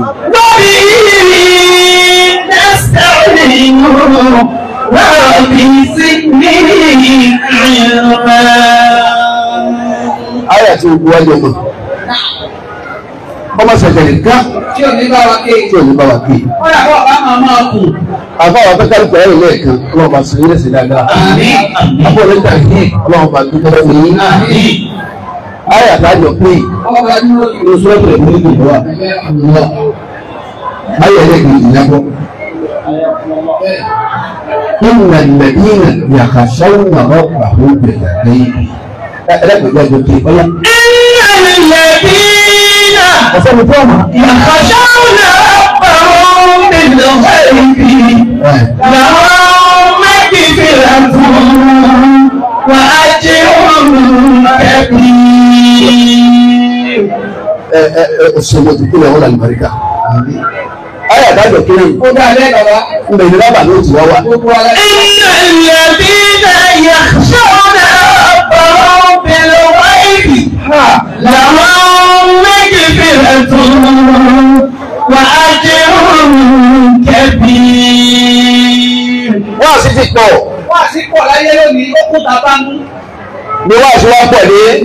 وبه نستعين وبسنه علما آية وجهه bọ́mọ sẹ̀sẹ̀lẹ̀ gán tí ò ní bá wa ké tí ò ní bá wa ké. wọ́n yàgò ọ̀gá máa máa kù. àbáwọ̀ abẹ́kálí pẹ̀lú ẹ̀rọ lẹ́ẹ̀kan ọlọ́run bá sọ yín lẹ́sẹ̀ dáadáa. àbúrò lẹ́tà yìí ọlọ́run bá dúpẹ́ fún yín àyà tájọ pé ló sọ́ọ̀tẹ̀ ní ìlú wa àyà ẹlẹ́gbẹ̀ẹ́ ìyàbọ̀. Inna alladhina yakhshawna rabbahum bil-ghayb. Ẹlẹ́gbẹ̀ẹ́ ìjọ pé ọlá. Inna alladhina. Ọ̀sẹ̀ mi fọ́ ọ̀mà. Yakhshawna rabbahum bil Làwọn mẹ́kì fi rà fún un wà á jẹ́ ọ̀run ẹ̀bí. ẹ ẹ ẹ ṣòwò ìdíkú lọ wọn àlùbáríkà. ayé àdájọ kéré yìí. ó dá alẹ́ bàbá. ń bẹ̀rẹ̀ bàbá ló ti wá wa. ìyá ìyá bí náà yà sọ́nà ọ̀pọ̀ bẹ̀rẹ̀ wáìbì. làwọn méjì bẹ̀rẹ̀ tó wà á jẹ́ ọ̀run wáàsí ti pọ̀. wáàsí pọ̀ láyé lónìí ó kú ta bá mú. ni wáàsí wá pọ̀ dé.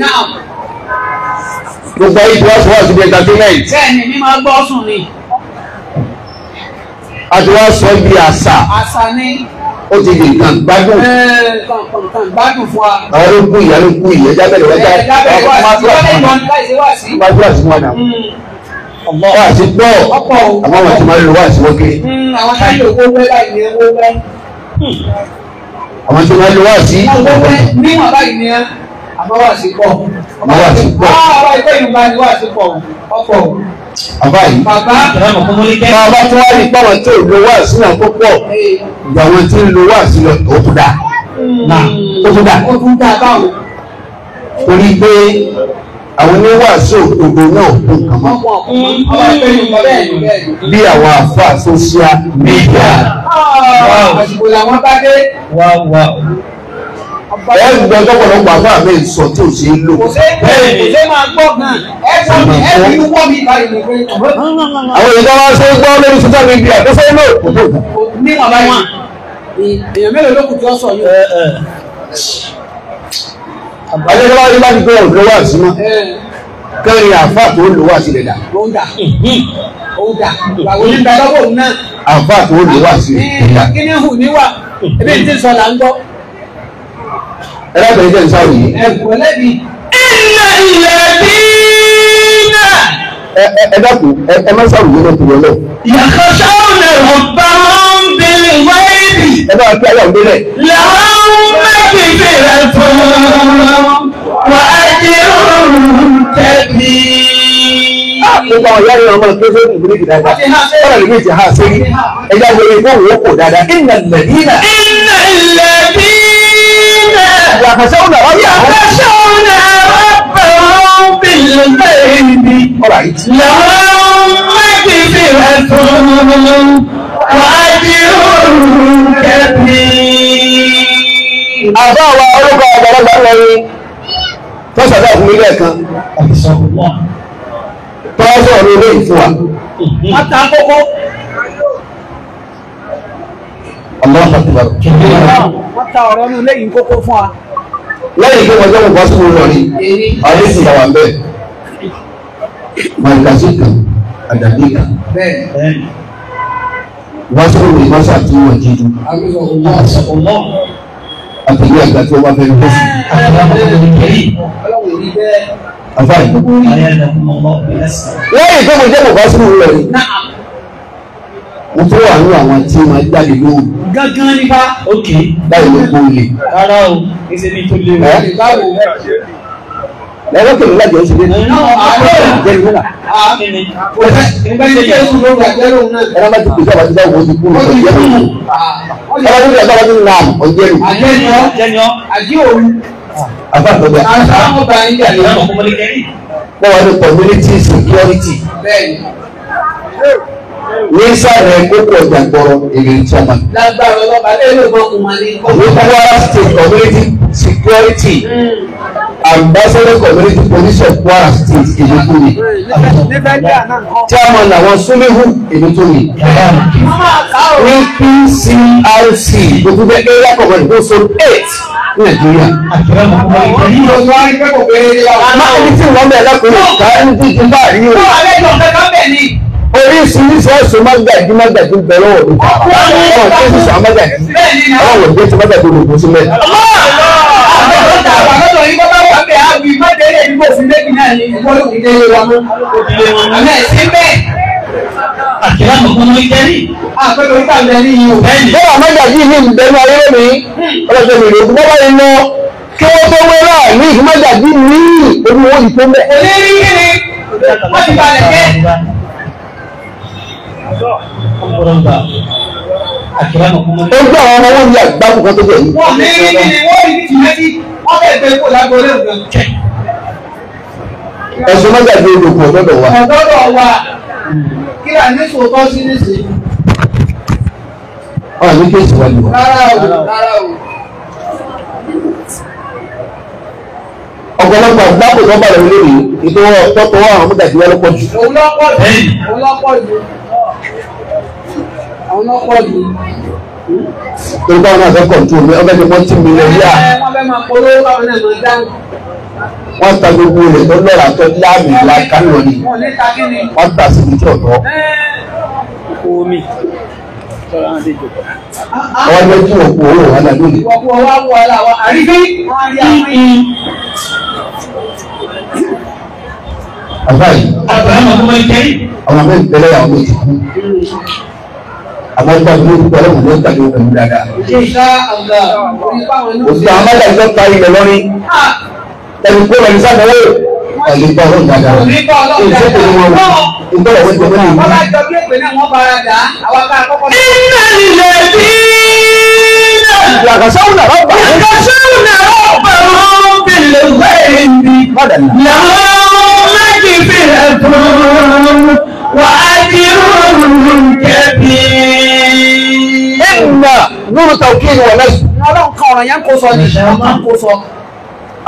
gbogbo ayé tí wáàsí wáàsí bí entertainment. bẹ́ẹ̀ni mi máa gbọ́ sùn ni. a ti wá sọ ibi àṣà. àṣà ni. ó ti di nǹkan gbádùn. nǹkan gbádùn fún wa. àwọn ló kú ìyá ló kú ìyá jábẹ̀rẹ̀ wájà. jábẹ̀rẹ̀ wáàsí wọ́n lè mọ wá sí gbọ́ àwọn àwọn tí máa ń lo wá sí wọ́n kiri. Hmm, àwọn táyà owó wẹ́ báyìí ni owó wẹ́ àwọn tí wọ́n lè wá sí. ní bàbá yìí ni àmọ́ wà sí pọ̀. àmọ́ wà sí pọ̀. bàbá ìgbẹ́ yìí bá ní wà sí pọ̀ ọ̀pọ̀. bàbá yìí bàbá bàbá tí wọ́n rí pàwọn tí ò lo wá sí náà tó pọ̀ ìgbà wọn tí ń lo wá sí lọ tó kú dá. Hmm. ó tún ó tún dá báwo. torí pé àwọn oníwàásù òdodo náà kú nǹkan mọ́. bí àwọn àfáà social media. àsìkò làwọn bá dé. ẹ ń gbọ́ lọ́pọ̀lọpọ̀ àfáà mi sọ tí ò ṣe é lò. kò ṣe máa gbọ́ gan. ẹ sọ mi ẹ fi inú wọ́ mi báyìí lè pé. àwọn èèyàn ṣe ń gbọ́ lórí social media tó ṣe é lò. ní wàhálà yìí èèyàn mélòó ló kù tí wọ́n sọ yìí àbájáde wáyé bá ti gbé ọ̀dọ́ wà sí mọ́ kẹrin àfa tó lò wá sílẹ̀ dà. ó dà mhm. ó dà báwo ni balọ́wọ́ náà. àfa tó lò wá sílẹ̀ dà. kíni hù níwà ebi n ti ẹgbẹ́ ń sáré yìí. مغفرة وأجر كبير gbogbo àwọn yára ọmọ ìgbésẹ̀ ní ìgbésẹ̀ dáadáa ọ̀rọ̀ lèmi ti ha sórí ẹja wọlé fóònù ó kò dáadáa ìnà lẹ́dínà. ìnà lẹ́dínà. yàtọ̀sẹ́ òun náà yàtọ̀sẹ́ òun náà bẹ̀rù bìlì bẹ́ẹ̀ni. ọ̀rọ̀ àyè tí. yàrá mẹ́kì fi rẹ̀ tó wájú kẹ́bí àbá wa orúkọ àgbàlagbà lẹ́yìn tó ṣàdá fún mi lẹ́ẹ̀kan tọ́wọ́sọ̀ ní ilé ìfún wa. Mata kókó. Mata ọ̀rọ̀ ní ilé yìí kókó fún wa. Lẹ́yìn tó wọ́n jẹ́wọ́ bọ́sùn lọ rí, ayé sì wà ń bẹ̀. Màìkàsí kan, àdàbí kan. Wọ́n sọ̀rọ̀ ìmọ̀sá tí wọ́n jí dùn àtẹ̀lé àgbà tí wọ́n bá fẹ́ẹ́ bẹ́ẹ̀ sí. àfáàyè. lẹ́yìn tó mo bàbá sùn rẹ̀ mo tó wà ní àwọn tí wọ́n jáde lóhùn. gángan nípa. báyìí ló kó rárá o èsì ni tó lè wọ ẹ̀rọ kìlọ̀ lẹ́jọ́ ṣe déédéé. ẹ̀rọ bá ti pèsè àwọn àtijọ́ wo ti kú ní ọjọ́ ìlú. ẹ̀rọ tó ti ẹ̀ka wájú nà ọjọ́ ìlú. àbá àtọ́jà. wọ́n wá ní community security. ní sáré kókó ọjà gbọ́rọ̀ èrè ìjọba. ní Kwara state community security. Mm ambassador community police of Kwara state ìlúkúni chairman àwọn súnmíhù ìlúkúni APCRC gbogbo bẹ area command go so eight ní Nàìjíríà. máa ní tí wọ́n bẹ̀ lọ́kùnrin ká ní títí bá rí o. oríṣiríṣi ẹ̀sùn mágàjí mágàjí ń bẹ lọ́wọ́ mi. ọ̀hún tó ti sọ mágàjí ọ̀hún tó ti mágàjí olùkó sílẹ̀. ọlọ́run àwọn ọ̀dọ́ àwọn ọ̀dọ́ yìí bọ́ bá bí gbẹ́dẹ́lẹ̀ ní kò sí lẹ́yìn náà ní ìwọ́lù ìdílé wa òdìlé wọn náà sí bẹ́ẹ̀. àkìlá mọ̀kàn ló jẹ́ rí. àpẹẹrẹ orí kàwé ní iye òbẹ́ yìí. bọ́lá mẹ́ta yìí ní ìbẹ̀rù ayé mi ọlọ́sẹ̀ mi rè bọ́lá yìí lọ kí wọ́n tó wé náà ní ìmọ̀jà yìí ní ìlú owó ìfẹ́ mẹ́. onírí kí ni wọ́n ti balẹ̀ jẹ́. ó gbé àwọn ọmọ wọn ní àgbákùn kan tó bẹ̀ yìí. wọ́n ní kí ni wọ́n rí wọ́n bẹ̀ gbé kó lágbo lé òun kẹ́. ẹ̀sùn mọ́jà di olùkọ́ ọ̀dọ́dọ̀ wa. ọ̀dọ́dọ̀ wa kí là ní sòótọ́ sí nísìnyí. ọ̀ ní kéèsì wa ni wa. rárá o rárá o. ọ̀pọ̀lọpọ̀ àgbákò tó bá lọ́wọ́ lórí ètò ọ̀pọ̀tọ̀ àwọn mọ́jàdí wa lọ́pọ̀ jù. òun lọ́pọ̀ jù. òun lọ́pọ̀ jù torí báwọn náà fẹ́ kọ̀ǹtò mi ọbẹ̀ ni wọ́n mi lè rí à. wọ́n ta gbogbo rẹ̀ tó lọ́ra tó láàmì lákàlù ni wọ́n gbà síbi tí ọ̀dọ́. àwọn ẹgbẹ́ tí wọ́n owó wọn náà lónìí. àbáyé àwọn ọmọ ìtẹ́lẹ̀ àwọn ọmọ ìtẹ́lẹ̀ àmọ́ nípa ìlú ọlọ́run ló ń tàbí òkú dáadáa. òṣìṣẹ́ àwọn mẹ́ta ìjọ parí ilẹ̀ lọ́rin ẹni kó lọ ní sáfẹ́wé ẹ̀lẹ́ ìgbà ọlọ́run dáadáa. ìṣẹ́ tó ní wọn ìgbà ọ̀wọ́ ìjọ mẹ́ta ìlú. iná lílẹ̀ bí iná. àkàṣọ́wùnà rọ́bà. àkàṣọ́wùnà rọ́bà wọn bẹ̀rẹ̀ wẹ́ẹ̀ni. làwọn májèlé ẹ̀dùn. nínú tàwùkì ni wọlé. Ọlọ́run kan ọ̀rọ̀ yẹn kò sọ ni ọkàn kò sọ.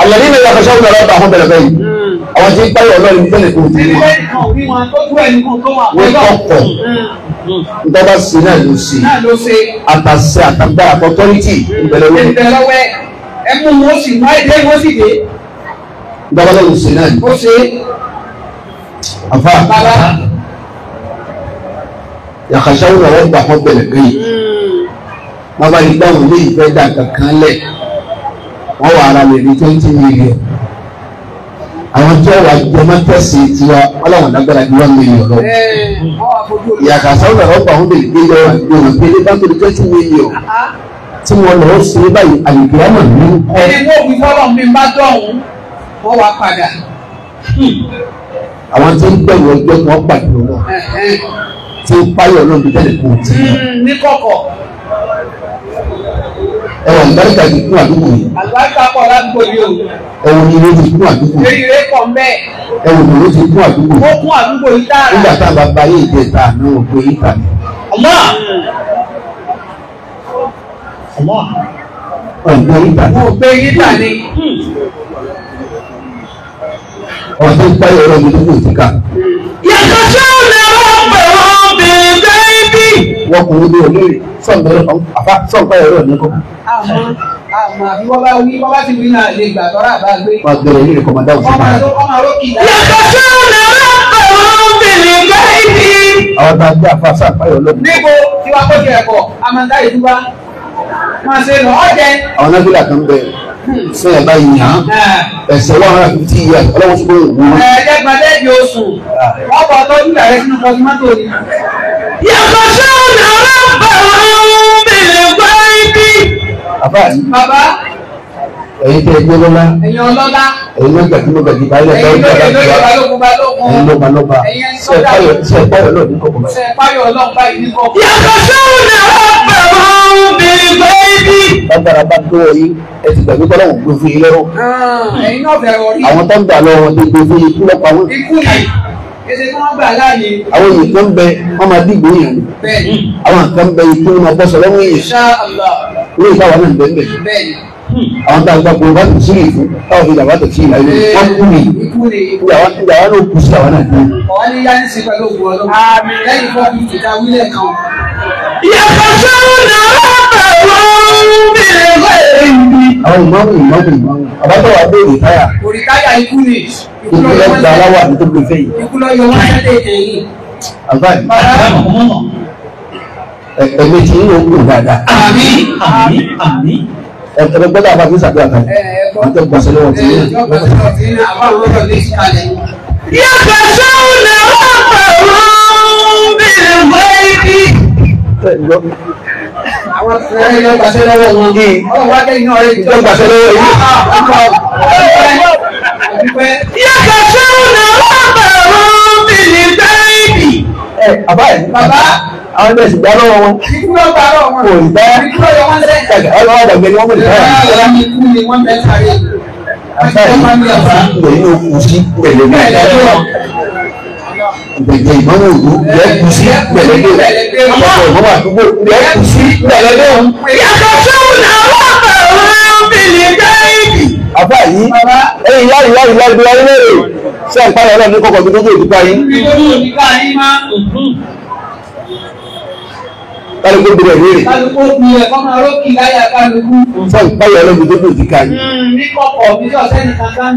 àyàlí ni ìyá kọsọ́ ọ̀rọ̀ ọ̀tà fún bẹ̀rẹ̀ bẹ́yìí àwọn tí ń pẹ́ ọlọ́run tẹ́lẹ̀ tó ti rí wọ́n kọ̀kọ̀ ntọ́ba sí náà ló ṣe àtàṣe àtàgbà àtọ́tọ́rìtì ìbẹ̀lẹ̀wẹ̀ ẹ̀mú wọn sì máa dé wọn sì dé. ntọ́ba ló ṣe náà ó ṣe àfa yàkàṣà wọn lọ́wọ́ gbà wọn bẹ̀rẹ̀ bẹ́yìí wọ́n bá yí gbàwọn ilé ìfẹ́ dà kankan lẹ̀ wọ́n wà ara lè rí twenty million àwọn tí wọ́n wà jọmọ́ tẹ̀sí tiwa wọ́n làwọn lágbára ju one million lọ. ìyàtọ̀ sáwọn ọ̀rọ̀ ọgbà wọn lè gbé yọ àgbè wọn pé ní báńkì twenty million tí wọ́n lọ́ọ́ ṣe báyìí àyèké àmọ̀ ní. ẹni wo wí fọlọ́ mi bá dọ̀hún wọ́n wá padà. àwọn tí ń bẹ̀rù ẹgbẹ́ kan pàdé wọn tí ń páyọ̀ náà bí tẹ́lẹ̀ kò tí. Hmm, ní kọ̀kọ̀ ẹwà ìbáríkà ti kún àdúgbò yìí. àlùbáríkà pọ̀ ládùúgbò yìí o. ẹwà ìrè ti kún àdúgbò yìí. eré pọ̀ mẹ́. ẹwà ìrè ti kún àdúgbò yìí. ó kún àdúgbò yìí dára. nígbà tá a bá ba yéé jẹ ta ní òkú yìí ta ni. ọmọ ọmọ ọgbẹ yìí ta ni. ọgbẹ yìí ta ni. ọdún pẹ́yọ̀ ọ̀rọ̀ mi ló kù síkà. wọ́n kò ní olóyè sọ̀nbẹ́ àfa sọ̀nbẹ́ ẹ̀rọ ní kọ́. àmọ́ àmọ́ àbí wọ́n bá wí wọ́n bá ti wí náà lè gbà tọ́ra àbá gbé. wọ́n gbẹ̀rẹ̀ yìí kọ́ máa dáhùn sí i. ọmọ àrókì náà. yàtọ̀ sí ọ̀nà ọ̀rọ̀ bìnrin àwọn tá a gbé àfa sàpáyọ lónìí. níbo tí wàá kọ́jú ẹ̀kọ́ amanda ìdúrà máa ṣe lọ ọ̀jẹ̀. àwọn nábìlà kan bẹ fún hmm. ẹ báyìí yàn án ẹsẹ one hundred and fifty years ọlọ́wọ́ sọ́kọ́ òwú. ẹ̀ẹ́dẹ́gbẹ̀dẹ́ di oṣù wọ́n ah. bọ̀ tọ́jú rẹ̀ sínú pọ́símọ́tò ni yàtọ̀sọ́nà ọlọ́pàá bèèrè gbáyébí. bàbá yìí bàbá ẹ̀yin tẹ ẹgbẹ́ lọ́lá ẹ̀yin ọlọ́lá ẹ̀yin ló gbàdúrà gbàdúrà báyìí lọ́lá ẹ̀yin ló gbàdúrà balógun ẹ̀yin ló balógun ẹ̀yin sọ́dà sẹ̀páyọ̀ lọ́ọ̀ ní kọ̀kọ̀ báyìí. sẹ̀páyọ̀ lọ́ọ̀ báyìí ní kọ̀kọ̀. yàtọ̀sọ́nà ọlọ́pàá bèèrè gbáyébí. bàbára bá tó wọ yìí ẹ ti gbàgbé kọ́lá òun gbé fún yín lẹ́rọ. Ah, àwọn tó ń gbà lọ wọn ti gbé fún yín kú lọ́pàá wọn. ikú ni kẹsẹ̀ kí wọ́n gbà láàyè. àwọn nǹkan bẹ wọn máa dìgbò yàn ní àwọn nǹkan bẹ ikú máa bọ́ sọ̀rọ̀ wọn yàn ní ìtawà náà bẹ́ẹ̀ bẹ́ẹ̀ àwọn tá a gba kúrò bá tù sí ìfún táwọn fi dàbà sí ìlà ilé wọn kú ni ìyàwó náà kù sí àwọn náà kú. ọ̀wá ní yá ní sí pẹ̀lú òkú ọlọ́run lẹ́yìn fún àwọn ìmọ̀ọ́mù ìmọ̀ọ́mù ìmọ̀ọ́mù àbátọ̀ wà bẹ́ẹ̀ rí òrìtáyà ikú ni gbogbo ẹ gba aláwà ní gbogbo ìfẹ́ yìí. àbáyé ẹgbẹ tí yóò kú dáadáa. àmín àmín àmín. ẹ ẹ gbọ́dọ̀ àbá fi sàdúrà kan wọn tẹ gbàsẹ lọ́wọ́ tí yóò. yàtọ̀ sóun ni wọ́n bẹ̀rù bíi wẹ́ẹ́dì. àwọn sẹ́yìn ló gbàsẹ lọ́wọ́ wọn. ọ̀rọ̀ wa kẹ́yìn náà rẹ̀ jọ gbàsẹ lọ́wọ́ yìí. Yàtọ̀ sẹ́wọ̀n náà wà bẹ̀rù mi ní bẹ́ẹ̀bì. Ẹ bàbá yìí. Bàbá. Àwọn ẹgbẹ́ ìsìnkú ọlọ́wọ́ wọn. Ìkú ló bá ọ̀rọ̀ wọn. Kò ní bẹ́ẹ̀. Ìkú ló yọ wọ́n lẹ́yìn. Ọlọ́wọ́ dàgbé ni wọ́n mú ìfẹ́. Ìyá ikú ni wọ́n bẹ́ẹ̀ sáré. Àbáyé ló kù sí pẹ̀lẹ́ bí òdu lẹ́ kù sí pẹ̀lẹ́ bí ẹ̀dá. Ọ̀pọ̀ ìmọ̀wò àdúgbò lẹ́ kù sí pẹ̀lẹ́ bí ẹ̀dá. Yàtọ̀ náà wà bẹ̀rù mi bẹ́ẹ̀ àbá yìí ẹ̀yìn yáàrí yáàrí yáàrí bí wáyé lérè ṣe ń pààyàn ọlọ́run ní kọ̀kọ̀ bí gbogbo òdìgbà yín. kálukú gbogbo ẹ̀ kálukú gbogbo ẹ̀ kọ́mọ orókì láyà kálukú. ṣe ń pààyàn ọlọ́run ní gbogbo òdìgbà yín. ní wọ́n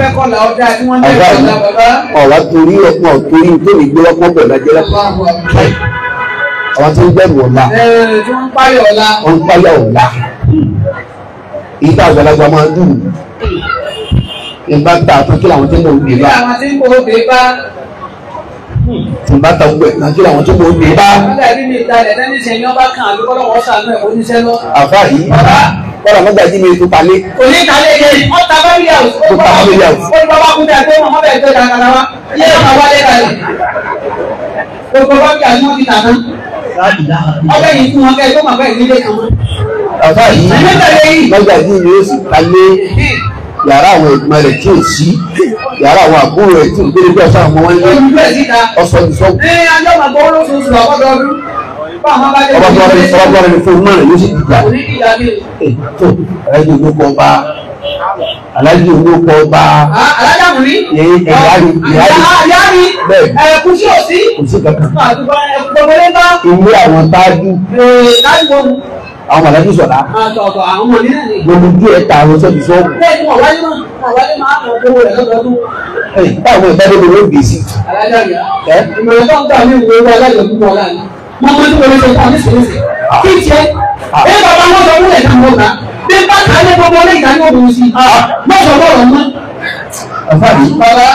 fẹ́ kọ́ làwọn dáa tí wọ́n ń bẹ̀rẹ̀ ọ̀la bàbá. ọ̀la torí ọ̀pọ̀ torí tó lè gbé ọ̀pọ̀ bẹ̀rẹ̀ lájẹ́ lọ́pọ̀ àwọn tó ń bẹ̀rù ọ̀la wọ́n ń páyà ọ̀la ìgbà àgbàlagbà máa ń dùn ìgbà gbà tó kí làwọn tó mọ̀ ń gbé bá tùmbà ta gbẹ nàìjíríà àwọn tó mọ omi bá. àfa yìí kọ́ra mọ́gàjì mi tó talé. kò ní talé yẹ wọ́n ta family house. tó ta family house. wọ́n bá wá kúndà pé màmá bẹ̀rẹ̀ tó dàgbà wa yé màmá wálé kalẹ̀. gbogbo bá bí àwọn ọmọ mi nà náà ọbẹ̀ yìí lọ́jà yìí yóò sì kalẹ̀ yàrá àwọn ẹ̀gbọ́n rẹ̀ tí ò sí yàrá àwọn àbúrò rẹ̀ tí ò gbélé bí ọ̀sán àwọn wọn lé ọ̀sọ̀ ìsọ̀kù. ẹ ajọ́ màgbọ́ fún márùn ló sì dìgbà tó ẹni ló kọ́ bá alájí olóko ọba ah, alájà múlí ìyáàrí eh, eh, ìyáàrí ah, ah, bẹ́ẹ̀ eh, kù sí òsí kù sí kankan ìwé àwọn táájú àwọn alájú sọlá gbogbo ojú ẹ ta àwọn sọbi sọọbù báwo ni ìtàdé mi ló gbèsè. ìmọ̀lẹ́ tó ń gbà mí ìwé owó alájọ púpọ̀ ọ̀la ni mo mọ tí mo lè ṣe ta ní sèlésè kí n ṣe é bàbá wọn sọ fún ẹ̀ka mọ́ta bí bá kalẹ̀ gbogbo ọlẹ́ ìdáni òun sí ah. mọ́sọ̀ bọ̀rọ̀ mọ́. àfààní bàbá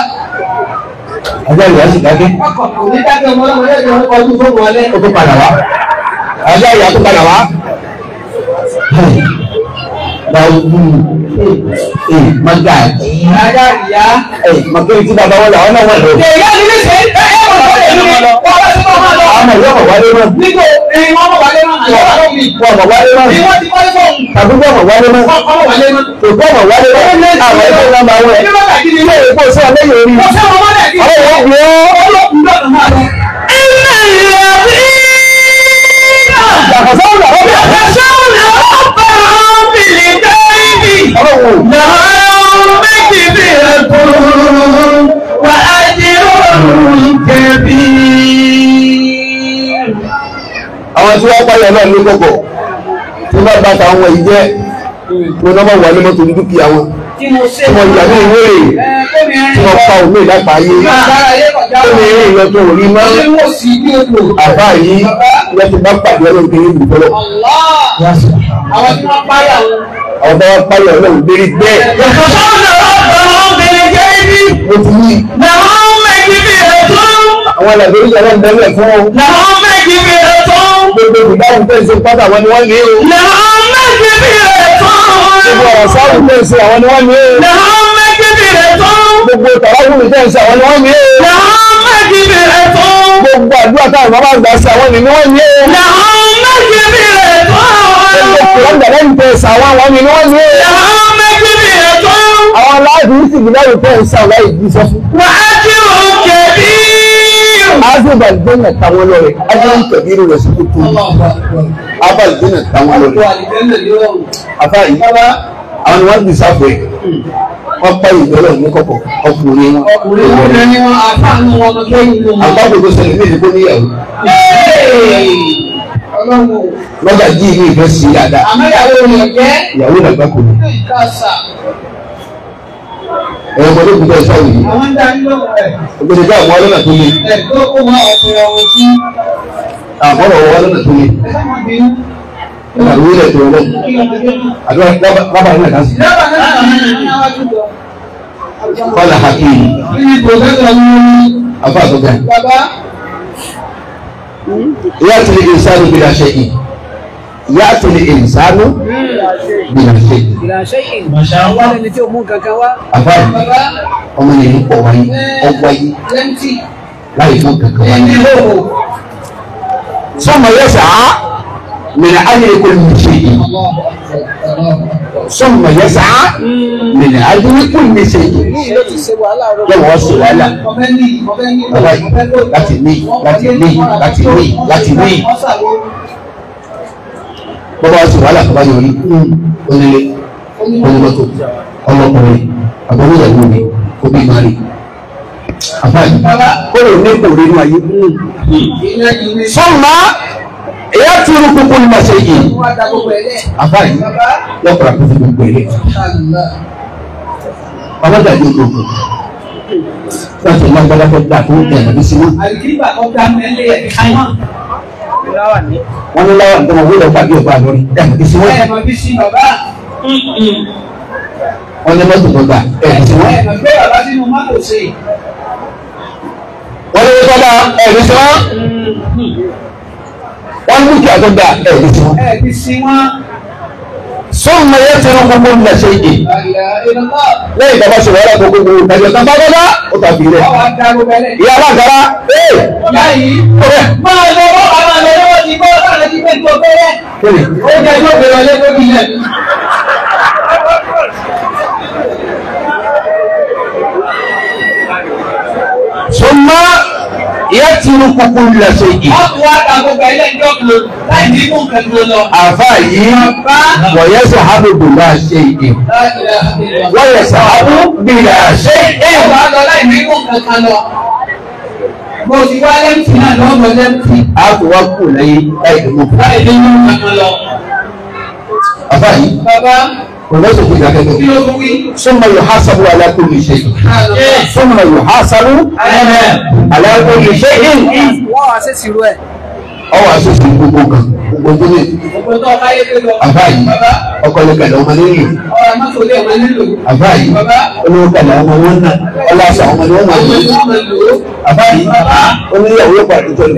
ajá ìyá sì dákẹ́. ọkọ̀ òní dákẹ́ ọmọ ọlọ́mọdé ọdún tó wọlé. ó tó padà wá ajá ìyá tó padà wá ee maga yìí. maga yìí. ee magori tí bàbá wọn lọ àwọn náà wọn lọ. èyí á ní ní sè é ẹ ẹ wọ̀ lọ́wọ́ lè ní wọ́n bá ti bọ́ ọmọ ìyá ọmọ wálé mọ́. nígbò ẹyin ọmọ wálé mọ́. ọmọ wálé mọ́. ìwọ ti wálé mọ́. àbúkọ ọmọ wálé mọ́. ọmọ wálé mọ́. òkú ọmọ wálé mọ́. àwọn ẹgbẹ́ ńlá máa wẹ̀. ilé bàtà kìíní. ilé ìkó sí ọlẹ́ yìí orí. ọ̀sẹ̀ ọmọ mọ́lẹ̀ kìíní. ọ̀rọ̀ wọ. ọlọ́kùnrin náà máa lọ. Wa ajiru tí wọ́n pààyàn náà ní kọ̀kọ̀ tí wọ́n bá tàwọn ìjẹ́ wọn náà wà ní mọ́tò dúkìá wọn tí wọ́n yà ní ìwé rè eh, tí wọ́n pa òmí lápàáyé tó ní eré ìyẹn tó rí mọ́ àbá yìí wọ́n ti bá pàdé ọlọ́run kéré ìlú bọ́lọ̀. àwọn tí wọ́n pààyàn ọlọ́run béèrè bẹ́ẹ̀. ìyàtọ̀ sọ́wọ́n náà wọ́n bẹ̀rẹ̀ mo ti Àwọn àlàbẹ̀rẹ̀ yàrá ń bẹ̀rẹ̀ fún ọ. Làwọn mẹ́jì gbogbo ìdáhùn tó ń ṣe pátá àwọn ni wọ́n ní o. làwọn méjì bí rẹ̀ tán. gbogbo ọ̀rọ̀ sáwùn tó ń ṣe àwọn ni wọ́n ní o. làwọn méjì bí rẹ̀ tán. gbogbo tàwáhùn tó ń ṣe àwọn ni wọ́n ní o. làwọn méjì bí rẹ̀ tán. gbogbo àdúrà táwọn bàbá àgbà ṣe àwọn ni wọ́n ní o. làwọn méjì bí rẹ̀ tán. gbogbo ìlànà lẹ́yìn tó ń ṣe àwọn ni wọ́n ní o. làwọn méjì bí rẹ̀ tán. àwọn aláàbí azọba aljanna táwọn lọ́rẹ ajẹun kẹbíru rẹ sí kótó abá aljanna táwọn lọ́rẹ afa yìí àwọn ni wọn bí sáfẹ hmm. wọn pa ìgbọlọ ní kọkọ ọkùnrin wọn. ọkùnrin wọn ni wọn àtàwọn ọmọ kẹyìn ló. àgbàdo tó ṣẹlẹ̀ ní ìdíkó níyàwó lọ́jà jí ilé ìfẹ́ sí dáadáa. àmọ́ ìyàwó rẹ̀ jẹ́. ìyàwó rẹ̀ gbàgbọ́ ẹ̀rọ ọmọdé kún bẹ́ẹ̀ sáà yìí. àwọn dá nínú rẹ̀. ògbésẹ̀ jẹ́ àwọn ọlọ́nà tó le. ẹ̀ tó kó wọn ọ̀pọ̀ ọ̀wọ̀ sí. àbọ̀rọ̀ wọn ọlọ́nà tó le. ẹ̀ka ló wílẹ̀ tó lọ. àdúrà lábàá náà kà sí. kọ́lá hakim. àbá àtọ́jà. yàtìlì ìsánú bí a ṣe yìí. yàtìlì ìsánú ìlàṣẹ́yìn àwọn ẹni tí o mú kankan wá. àbáyé ọmọ yẹn ń pọ̀ wáyé ọgbà yìí láyé mú kankan wáyé. sọ́mọ yẹ sá mìnà ayé kò ní ṣe yìí sọ́mọ yẹ sá mìnà ayé kò ní ṣe yìí lọ́wọ́ ṣe wàhálà bàbá yìí láti ní láti ní láti ní láti ní bọ́bá ti wàhálà tó bá yọrí onílé hmm. onímọ́tò ọlọ́kùnrin àbọ̀wọ́yàwó mi kò bí máa rí àbáyé ó lè ní kò rí inú ayé. Hmm. sọ́mà èyí ti rú kúkú ní màṣẹ yìí àbáyé lọ́kùnrin àkókò gbogbo ẹ̀rẹ́ bàbá dàbí gbogbo láti ọ̀la gbọ́dọ̀ fẹ́ dà kó dẹ̀ nàbí sinú. àlùkí bàbá ọ̀gá mẹ́lẹ̀ ẹ̀ káyọ̀ wọ́n ní láwọn nǹkan owó lọ́ọ́ pàdé ọba lórí ẹ̀ẹ́dì sí wọ́n. wọ́n ní mọ́tò tó gbà ẹ̀ẹ́dì sí wọ́n. wọ́n ní wọ́n bá ẹ̀ẹ́dì sí wọ́n. wọ́n ní dúkìá tó gbà ẹ̀ẹ́dì sí wọ́n sóun ma yẹ ti ń gbogbo ń lẹsẹ ìdè lẹ́yìn tó bá ṣe wàhálà tó gbogbo ẹjọ́ tó bá gbọdá ó tàbí rẹ ìyá alágara ee máa lọ wọ́n máa lọ lọ́wọ́ ti gbọ́ láti fi gbé tó ìyá ti irú kúkú lọ sí yìí. wọ́n ti wá ta gbogbo ẹlẹ́jọ́ kan láì ní mú nǹkan kan lọ. àfa yìí wọ̀nyẹ́ sọ hábùbù náà ṣe yìí. wọ́nyẹ́ sọ hábùbù náà ṣe yìí. ẹ wàá lọ láì ní mú nǹkan kan lọ mo ti wá lẹ́mtì náà lọ́gbọ̀n lẹ́mtì. a kò wá kù lẹ́yìn láì dùn mọ́. láì dùn mọ́ kankan lọ. àfa yìí. bàbá. Olóṣù kò jà kẹ́kẹ́. Súnmọ̀ yóò hásábù alákòlù ṣe. Súnmọ̀ yóò hásábù alákòlù ṣe. Wọ́n wá sí ìṣirò ẹ̀. Ọwọ́ àṣìṣe gbogbo kan, gbogbo tó lè. Àbá yìí, ọkọ̀ lè kàlẹ́ ọmọ nílò. Àbá yìí, olówó kàlẹ́ ọmọ wọn náà, ọlọ́sà ọmọ ni wọ́n máa lò. Àbá yìí, oníyàwó pàdé tó lè.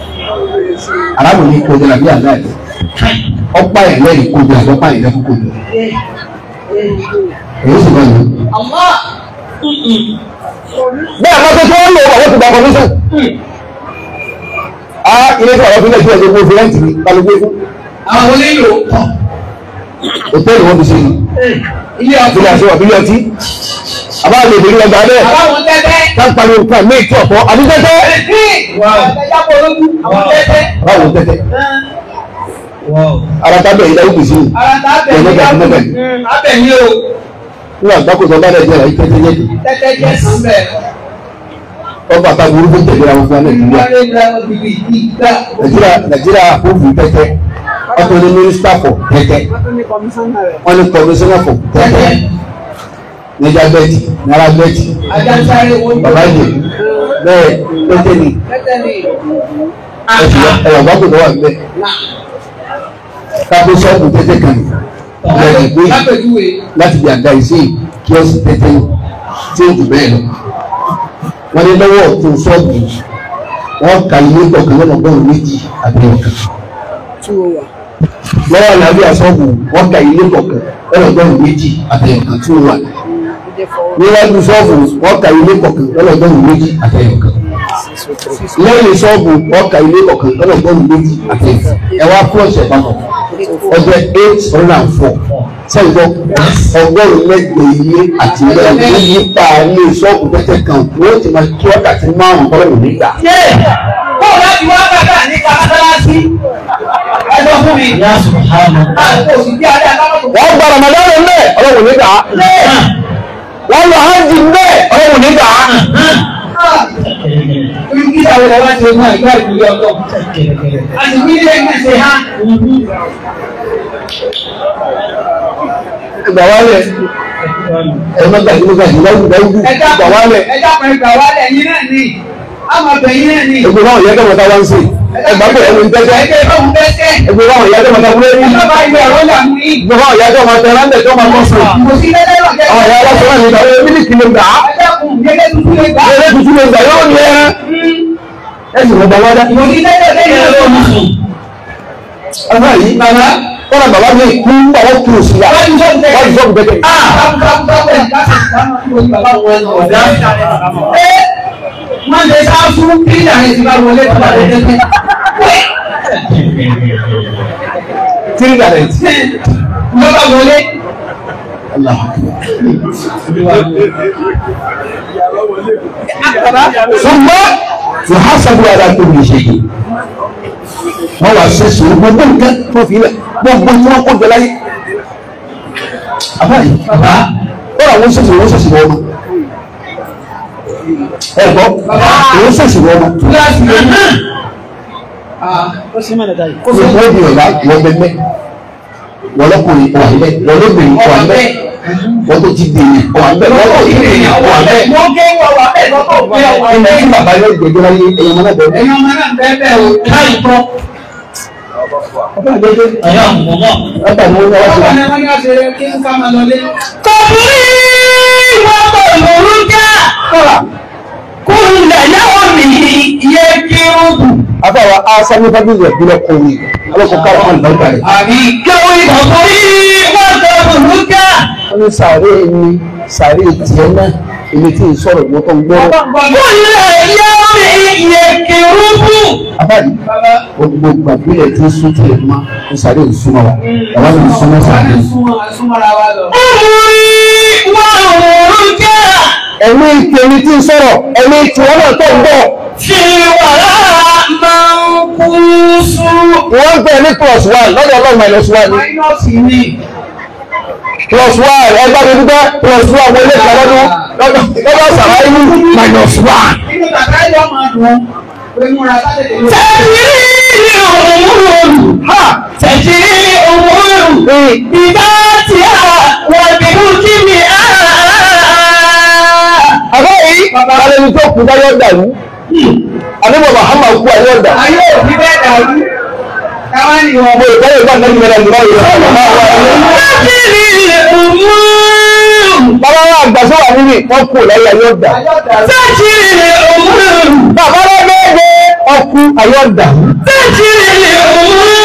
arábìnrin ní kọjá àbí àdá ọ̀pá ẹ̀ lẹ́yìn kọjá àbí ọ̀pá ẹ̀ lẹ́kọ̀ọ́ èyí sì bá yẹn. bẹ́ẹ̀ máa tó tó ń lò àwọn tó gba kọmíṣán. ilé tí àwọn tó ń lè fi ẹ̀jẹ̀ gbogbo balùwẹ̀ fún. àwọn onílò kàn òtẹ́ẹ̀lì wọn fi sí ilé àti wà bílíọ̀ tí àbáwọn lè bèrè ọgbà bẹ́ẹ̀ káńpá ní nǹkan mí tí ọ̀pọ̀ àbí tẹ́tẹ́ báwo tẹ́tẹ́ ara tábẹ̀ yìí dáwọ́ kùsùn yẹn lọ́gbà tó mẹ́gbà yìí wọ́n àgbákòsọ bá dẹ̀ jẹ́ra ìtẹ́tẹ́ yẹ́ kí ọba àtàwọn orúkọ tẹ̀lé àwọn fúnra nàìjíríà nàìjíríà fún fún tẹ́tẹ́ ọtún ní mínísítà fọ tẹ́tẹ́ wọ́n ní kọmíṣánná fọ tẹ́tẹ́ níjà bẹ́ẹ̀tì náírà bẹ́ẹ̀tì bàbá ìdè bẹ́ẹ̀ tẹ́tẹ́ ni ẹ̀rọ gbàgbọ́ tó wà níbẹ̀ kápẹ́ sọ́ọ̀bù tẹ́tẹ́ kan lẹ́yìn láti bí àga ìṣe kí ọ̀sì tẹ́tẹ́ tí ó jù bẹ́ẹ̀ lọ wọ́n ní lọ́wọ́ tó sọ́ọ̀bù wọ́n kà ilé ìgbọ̀kan lọ́nà ọgbọ́n méjì àbí ọ̀kan lọ́wọ́ àlàáfíà sọ́ọ̀bù wọ́n ka ilé kọ̀ọ̀kan lọ́lọ́gbọ́n méjì àtẹ̀yìnkan tí ó wà níwájú sọ́ọ̀bù wọ́n ka ilé kọ̀ọ̀kan lọ́lọ́gbọ́n méjì àtẹ̀yìnkan lẹ́yìn sọ́ọ̀bù wọ́n ka ilé kọ̀ọ̀kan lọ́lọ́gbọ́n méjì àtẹ̀yìnkan ẹ wá kú ọ̀sẹ̀ papọ̀ ọjọ́ eight hundred and four sẹ́gbọ́n ọgọ́rùn-ún mẹ́jọ ilé àti mẹ́rin nípa àwọn ìṣọ́ọ̀bù tẹ́tẹ́ kan wọ́n ti máa kí wákàtí márùn-ún kọ́lọ́mù nígbà. ànábì. wọ́n gba ramadana ń bẹ̀ ọlọ́run nígbà. wọ́n lọ hajj ń bẹ̀ ọlọ́run nígbà. Gbà wálẹ̀ ẹ̀ma gbàgbé gbàgbé gbàgbé gbàgbé gbà wálẹ̀. Ẹ dákun ẹ gbà wálẹ̀ yín náà ní. Ègbè báwọn ìyá kẹ́mọ̀ta wá ń sè. Ẹgbà pé ẹ̀wù ń tẹ́tẹ́. Ègbè báwọn ìyá kẹ́mọ̀ta wúlé rí. Ègbè báwọn ìyá kẹ́mọ̀ta rántẹ̀ tó máa kọ́ sùn. Àwọn ìyá aláṣọ náà ní ìgbà wọlé mílíkì ló gbà á. Gẹ́gẹ́ tuntun ló gbà yóò ní ẹran. Ẹ̀sìn ló gbà wá dá. Ọmọ yìí bàbá kọ́nà bàbá mi kú bàbá kú òsì yá. Wọ́n ti sọ́kù bẹ́ẹ̀ wọ́n lè sá fún pílà yẹn ti bá wọlé tó bá lè dẹ́gbẹ́. tírí balẹ̀ tí. ló bá wọlé. ṣùgbọ́n tí a sábà wà láti omi ṣe yìí wọ́n wá ṣe sùn gbogbo nǹkan tó fi lẹ̀ gbogbo tí wọ́n kó jọ láyé. àbáyé ó rà wọ́n ṣèṣe wọ́n ṣèṣe wọ́n mọ́ ẹ̀gbọ́n òun ṣèṣì wọ́n mọ̀ lọ́dà yìí. mọ̀ lọ́dà yìí wọ́n bẹ́ẹ̀ mẹ́ wọ́n lọ́kùnrin ọ̀hún mẹ́ wọ́n lóbìnrin ọ̀hún mẹ́ wọ́n tó ti dènì ọ̀hún mẹ́ wọ́n tó ti dènì ọ̀hún mẹ́. wọ́n gé wọ́n wà bẹ́ẹ̀ lọ́kọ̀ gbé ọ̀hún mẹ́. bàbá yóò gbẹjọ́ láyé ẹ̀yọ́ mọ́ bẹ́ẹ̀ bẹ́ẹ̀. ẹ̀yọ́ mọ́ bẹ́ẹ̀ bẹ́ẹ̀ o olùrújà kúndà yàwó mi yẹ kí ó bù. afọwọ́ asa ní bábí rẹ̀ bí lọ́kọ̀ yìí alọ́kọ̀ káwọn ọ̀nà ìgbà yìí. àbí káwọn ìgbàgbọ́ yìí wọ́n sọ olùrújà. wọ́n ní sàárè ni sàárè tiẹ̀ náà èmi tí ì sọ̀rọ̀ ìwọ́n tó ń gbọ́. kúndà yàwó mi yẹ kí ó bù. abáyé gbogbo gbàgbélé tí ń sún tiẹ̀ mọ́ ń sàárè ìsúnmọ́ wa bàbá mi ń súnmọ́ sàárè. ọmọ ẹ̀mí ìtẹ̀mí tí ń sọ̀rọ̀ ẹ̀mí ìtìwọ́n náà tó ń bọ̀. fi wàrà máa ń kú sùn. wọ́n gbé ní plus one lọ́dọ̀ ọlọ́run minus one ni. minus ni. plus one ẹgbẹ́ mi dúpẹ́ plus one wọlé kan lọ́dún lọ́dọ̀ sàmáyé minus one. inú bàbá yóò máa dùn tẹ̀sírí ni òmùrùn tẹ̀sírí òmùrùn ìgbà tí a wọ̀ bínú kí mi á. ẹni tó kù bá yọ̀ dàrú àdébò mahama kú ayé ọ̀dà. ayé òbí bẹ́ẹ̀ dàrú káwá ni wọn. mo bàbá wa àgbà sọ́wọ́ àbúrò wọn kú ayé ọ̀dà. káfíìnì ìmú. bàbá wa méje ọkú ayé ọ̀dà. káfíìnì ìmú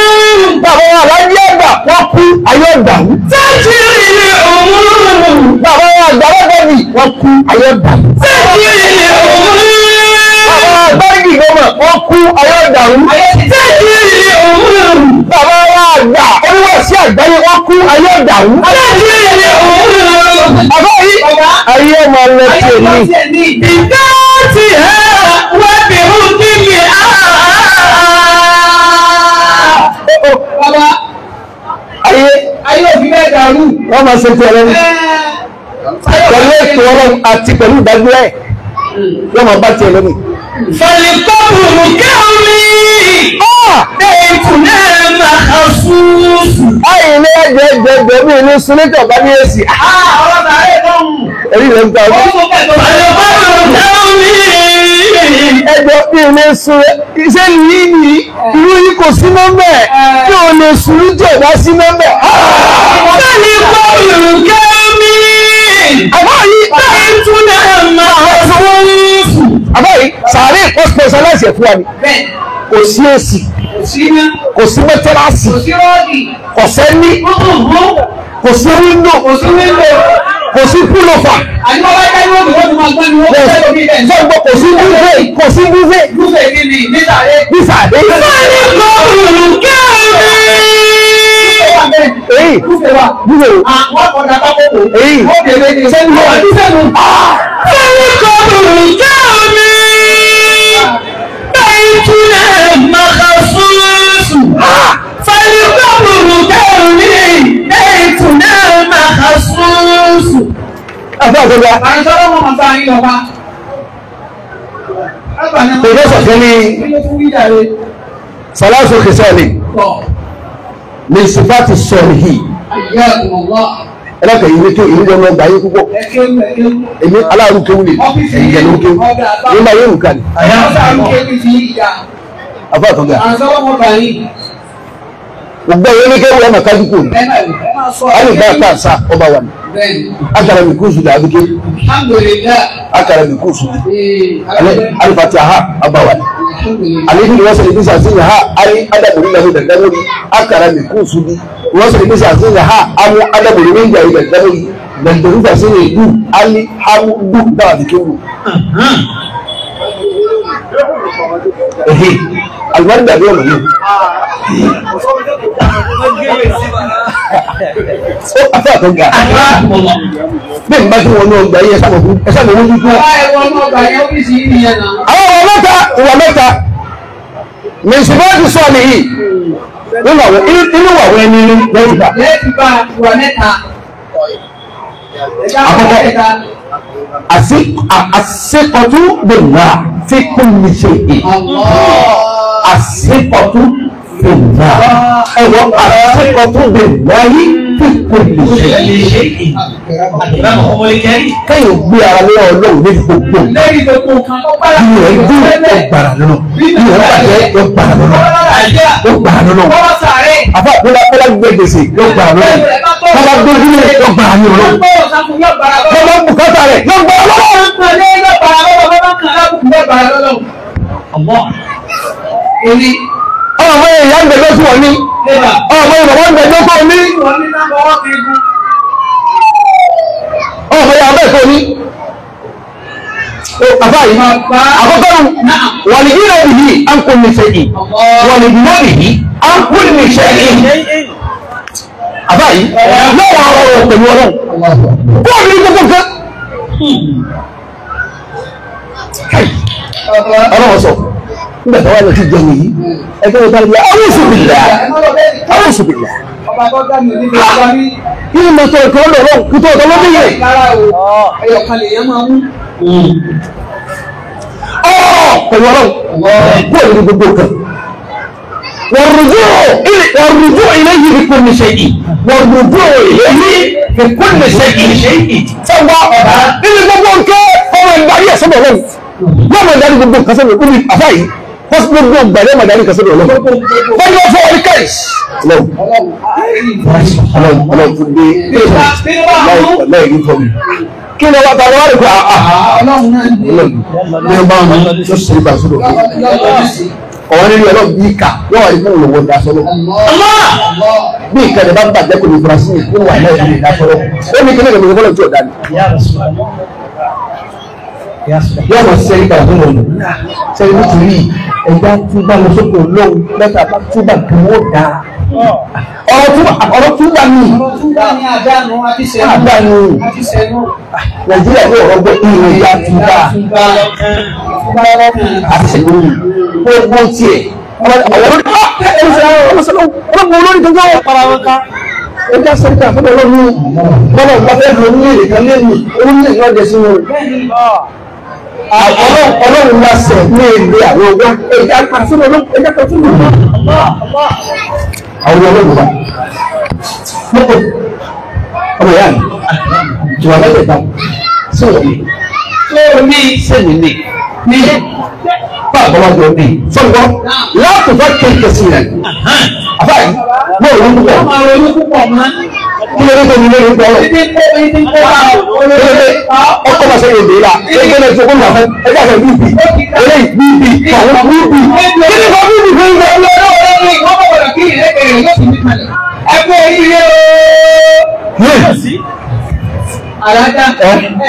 bàbá wa aláyé àgbà wọ́n kú ayé àgbà wù. sẹ́ẹ̀tì ilé òun. bàbá wa àgbàlagbà bì wọ́n kú ayé àgbà sẹ́ẹ̀tì ilé òun. bàbá wa àgbàlagbà gbọmọ wọ́n kú ayé àgbà wù. sẹ́ẹ̀tì ilé òun. bàbá wa àgbà oníwàsí àgbáyé wọ́n kú ayé àgbà wù. sẹ́ẹ̀tì ilé òun. àbá yìí ayé ọmọ ọlọ́tì ẹ̀ ní. ìdá ti hẹ́. bàbá ayé ayé òfin bẹ́ẹ̀ dàrú. wọ́n máa ṣe tiẹ̀ lẹ́nu pẹ̀lú ètò ọlọ́run àti pẹ̀lú ìdájọ́ ẹ̀ wọ́n máa bá tiẹ̀ lẹ́nu. fẹ̀lẹ́tọ́pù kẹ́mi ètùnẹ́ ah! máa ṣùṣù. ayé ilé ẹgbẹ́ ẹgbẹ́ ẹgbẹ́ mi ní sinetọ̀ bá ní èsì. Ah, ọlọ́run àárẹ̀ èyí ló ń ta ọdún. fẹ̀lẹ́tọ́pù kẹ́mi ò lè sùn iṣẹ́ yìí ni irú yìí kò sí nọ́mbẹ̀ tí ò lè sùn ní jò bá sí nọ́mbẹ̀. bẹ́ẹ̀ni kò yòrò kẹ́mi. àbáyé bẹ́ẹ̀ tún náà máa fọwọ́ sùn. àbáyé sàárè wọ́n specialize ẹ̀ fún wa ni kò sí èsì kò sí mẹ́tẹ́láàsì kò sẹ́ni kò sí wíńdò kò sí púlọ̀fà. àyùbá bá dá ìwọ́n ìwọ́n tó máa gbọ́ ni wọ́n fẹ́ lórí ẹ̀. sọ gbọ́ kò sí búfé kò sí búfé. búfé kí ni nísàlẹ̀. nísàlẹ̀. nísàlẹ̀ kọ́ òòlù kẹ́ẹ̀mí. èyí búfé wa búfé o. àwọn ọ̀dà bá kókò. èyí wọ́n bèrè ní sẹ́nu wa ní sẹ́nu. sẹ́nu kọ́ òòlù kẹ́ẹ̀mí. bẹ́ẹ̀ ìtúlẹ̀ màkà fúlùsù. fẹ́ẹ́ ní kọ́ òòlù kẹ́ẹ̀mí. bẹ́ẹ̀ ìtúlẹ̀ màkà fúlùsù àti àgbẹ̀gbà. àìsọ́rọ́ mọ̀ màtá yín lọ́wọ́. Tòló sọ̀tún ní Sàlásù Kìsẹ́lì ní Sifáàtì Sọ̀rìhì. Ẹlẹ́kẹ̀ yìí wíkẹ́ ìlú ọmọ ọgbà yìí púpọ̀. Èmi aláàrú kéwù lè ìjẹ̀ ló kéwù. Nígbà yóò wù kàní. Àfáà tó ga. Gbogbo ìwé ní kéwù ẹ̀ mà kájú kò ní. Àyè bá a kà sá ọba wà ní akara mi kúùsù dà abike akara mi kúùsù dì alifati aha abawa alihiri wasa ibi sasi ya ha ayi adaburi lahu da daburi akara mi kúùsù dì wasa ibi sasi ya ha amu adaburi min jayi da daburi dandaru sasi ne du ali hamu du dawa dikewu àlùmọ́ọ́nì gbàgbé ọ̀nà yìí. ó afẹ́ àtọ́gà bí n bá tí wọn náà gbà yí ẹsẹ̀ mọ̀ ẹsẹ̀ mọ̀ wọ́n dúdú. àwọn ọmọ mẹ́ta ìwà mẹ́ta mẹ̀sùmọ́ọ̀dù sọ nìyí nínú àwọn inú àwọn ẹni lẹ́yìn bá. lẹ́yìn bá ìwà mẹ́ta. àkọ́kọ́ àṣekọ̀tún bẹ̀rẹ̀ fi kún mi ṣe èyí àṣekọ̀tún fi nà ẹ̀wọ̀ àṣẹkọ̀ tó bẹ wáyé fi kò lè ṣe. kẹ́yìn gbé ara lé ọlọ́run ní gbogbo ìwé ẹgbẹ́ ọgbàrà nínú ìwé ọgbàjẹ́ ọgbàrà nínú ọgbàrà nínú àbá bọ́lá bọ́lá gbé gbèsè ọgbàrà nínú bọ́lá gbé gbèsè ọgbàrà nínú bọ́lá bùkátà rẹ̀ ọgbàrà nínú. Èmi ọmọ ìyá ń gbẹ̀dọ́ fún ọ ní ọmọ ìbàbá ń gbẹ̀dọ́ fún ọ ní ọmọ ìyá bẹ́ẹ̀ fún ọ ní. Àbáyé àkọ́kọ́ wà ní ìlà òbí à ń kó mi sẹ́yìn wà ní ìlà òbí à ń kó mi sẹ́yìn. Àbáyé lọ́wọ́ àwọn ọ̀rọ̀ pẹ̀lú ọlọ́run bọ́ọ̀ mi ní gbogbo nǹkan. Hmm. Ọlọ́run sọ nígbà tó wà lọ sí jẹni yìí ẹgbẹ́ ìta ìgbà awúsù bìlà awúsù bìlà. kí ni mo sọ ìkọ́ lọ́wọ́ kí tó ọ̀dọ́ lọ́dún ah. yẹn. ọ̀ọ́ ah, pẹ̀lú ọlọ́run bóyá ní gbogbo kan. والرجوع إلي والرجوع إليه بكل شيء والرجوع إليه بكل شيء سوى أبا إلي gbogbo nǹkan ọmọ ìgbà yẹ sọ́dọ̀ lọ́wọ́ lọ́wọ́ ìdarí gbogbo nǹkan sọ́dọ̀ ó ní àfáyé wọ́n sì gbogbo gbàdé màdàrí kan sódò ọlọ́run wọ́n yóò fọ orí kẹ́ẹ̀sì. ọlọ́run ọlọ́run tó gbé ọlọ́run ní fọmi kí ni wọ́n ta wọ́n rí kó ọlọ́run ní ọba wọn yóò sì gbà sódò ọ̀wọ́n nínú ọlọ́run bí ìka yóò wà nínú ìlọ́wọ́ ìdásọ́lọ́ bí ìka ni bá ń bàjẹ́ kò ní fura sí ìkú wà náà ìdásọ́lọ́ ó ní kí ní ìgbàgbọ́ yóò lọ sí ẹ̀ríkà tó lọ lò sẹ́yìn nítorí ẹ̀dá túbà lọ sókè olóhùn mẹ́ta túbà kí wọ́n dá ọ̀rọ̀ túbà ọ̀rọ̀ túbà ni àdánù nàìjíríà yóò rọgbọ ìwé ẹ̀dá túbà àtìsẹ̀gbọ́n mi gbogbo tiẹ̀ ọlọ́gbọ̀n olórí tó ń gbọ́ ọ̀pára wọn ká ó já sẹ́ríkà fún ọlọ́run bọ́lá ìgbàfẹ́ lórí èdè kan lẹ́nu orílẹ̀-èdè ọ̀dẹ̀ sínú rẹ̀ ọlọ́run wá sẹ̀ ní èlé àwọn ọgbà ẹ̀dá kan ọlọ́run ẹ̀dá kan sínú ọlọ́run àwọn ọlọ́run wá. ọmọ ìyá mi jùlọ lọ́jọ́ ìgbà sọ̀rọ̀ mi sọ̀rọ̀ mi sẹ́mi mi mi bá a bọ́lá jọ mi sọ̀rọ̀ láti bá kéèké sí rẹ̀ àbáyé mo púpọ̀ múlẹ̀ ní sọ̀rọ̀ nílé nípa ọkọ̀ bá sẹ́yìn ìdè la ẹgbẹ́ náà ti sọ́kọ́ fún ẹgbẹ́ àṣẹ bíbí ẹlẹ́ bíbí àwọn bíbí kí ni kò bíbí fún ìgbà. ẹgbẹ́ ilé ooo àdájá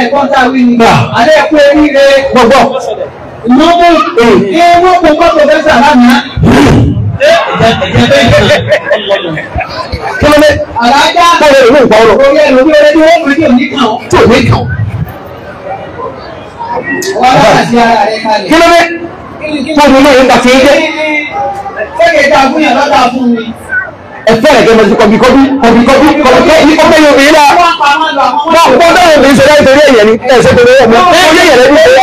ẹ̀kọ́ tá a wí ni alẹ́ ẹ̀kú ẹ̀rí rẹ̀ gbogbo nọ́ọ̀mù ẹ̀wọ́ kò kọ́ pọ̀fẹ́sà lánàá kílódé alájà bọ́ọ̀lù ìlú ìgbà ọ̀rọ̀ orí ẹ̀rọ orí ẹ̀rọ tí wọ́n fi ní kàn tí ò ní kàn ó. kílódé tó ní ilé ìgbà tí ń dé. fẹ́ẹ̀kì ìta fún yàrá ta fún mi ẹ̀fẹ́ ẹ̀gẹ́ mọ̀ kọ̀bíkọ́bí kọ̀bíkọ́bí kọ̀bíkọ́bí ọmọ yóò bèèrè náà náà kọ́ yóò bèèrè sọ́dá ìtòrí èyàn ni ẹ̀sẹ̀ tó lóyè mọ́ ẹ̀yẹ yẹ̀rẹ̀ ní ẹ̀yẹ.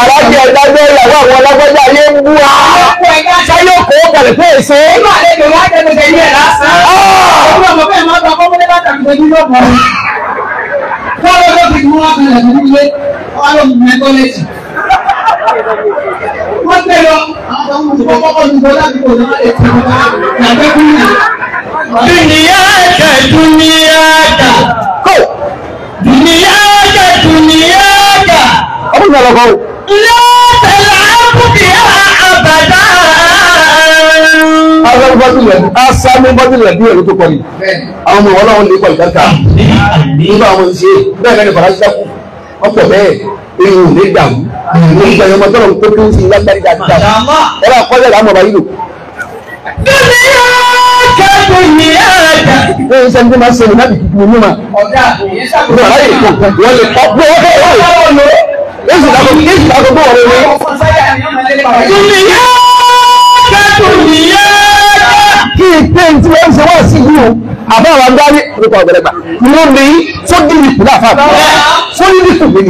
alájẹ ìdájọ́ ìyàwó àwọn alágbájá ayé ń bú wa sáyé òkò kàlẹ̀ fún èsè. kọ́lọ́dọ̀ ti mú wọn wọ́n tẹ̀ lọ àwọn ọmọ ìgbọ́ kọ́kọ́ ní bọ́lá ní kò náà lè tẹ̀ wọ́n yàgbẹ́ kú yìí. dùnìyà ẹ̀kẹ́ dùnìyà ẹ̀kà kò dùnìyà ẹ̀kẹ́ dùnìyà ẹ̀kà. ọmọ ìgbà lọkọ o. lọ́ọ̀tẹ̀ làákùkì àbàdà. Asamu bọ́dúlẹ̀ Asamu bọ́dúlẹ̀ bí èrò tó kọ Àwọn ọmọ ọlọ́run lè kọ̀ ìdáka. Nígbà wọn ṣe bẹ́ẹ̀ bẹ́ẹ̀ ni Faransé kù mo ń gbẹ̀yìn ọmọ tọ́lọ̀ tó kéwù sí i lágbàdì dáadáa ẹ bá kọ́lẹ̀ láàmú ọba yìí lò. dúnìyà kẹ́kọ̀ọ́ yìí ẹ̀ẹ́dà. ó ń sẹ́ni tó máa ń láti tutù omi mà. ọ̀gá àbòyí sábà wọ́n lè kọ́ pé wọ́n fẹ́ wọ́n lò ó. èsì ìdáko èsì ìdáko bọ̀ wọ́n lè. dúnìyà kẹ́kọ̀ọ́ yìí ẹ̀ẹ́dà. kí ìpè tí wọ́n ṣe wá sí yìí o àbá àwọn agbárí orúkọ ọ̀gbẹ̀rẹ̀gbà ìwọ́n mi fún dídìkù láàfáà fún dídìkù mi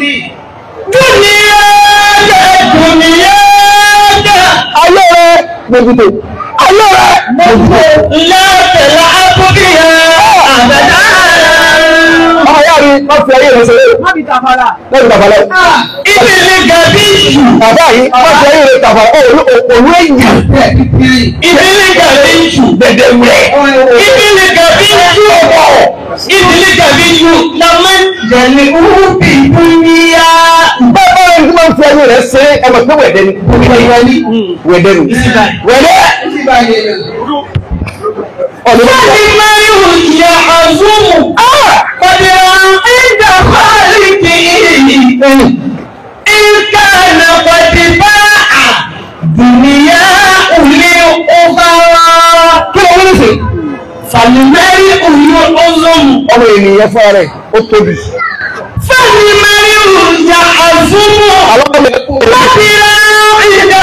ni. Alọ́rẹ̀ gbèdìdè. Alọ́rẹ̀ gbèdìdè. Lọ́tẹ̀lá Áfíríkà àbẹ̀dá ayé rí má fi ayé rẹ ṣeré. má fi tàfàlà. má fi ah! ibi ilé gàdí jù. bàbá yìí má fi ayé rẹ tàfàlà òru òru èyí. ibi ilé gàdí jù dẹ̀dẹ̀ wẹ̀. ibi ilé gàdí jù ọ̀pọ̀. ibi ilé gàdí jù lamẹ́. yẹ̀lẹ̀ owó bí dúnyá. bàbá yìí má fi ayé rẹ ṣeré ẹ mọ̀ pé wẹ̀dẹ̀ ni. wẹ̀dẹ̀ ni. ọ̀nà kọ́dé wọn ìjà fáàlì kì í ìka nàkọ́dé bá a dùnìyà òlé ọba wa. kí ló wọlé sí. fàlùmẹ́rì òlé ọlọ́run. ọmọ ènìyàn fún ara ẹ̀ ó tóbi. fàlùmẹ́rì òlé àzúmọ̀. àwọn ọmọ ẹ̀kọ́ rẹ̀. kọ́dé wọn ìjà.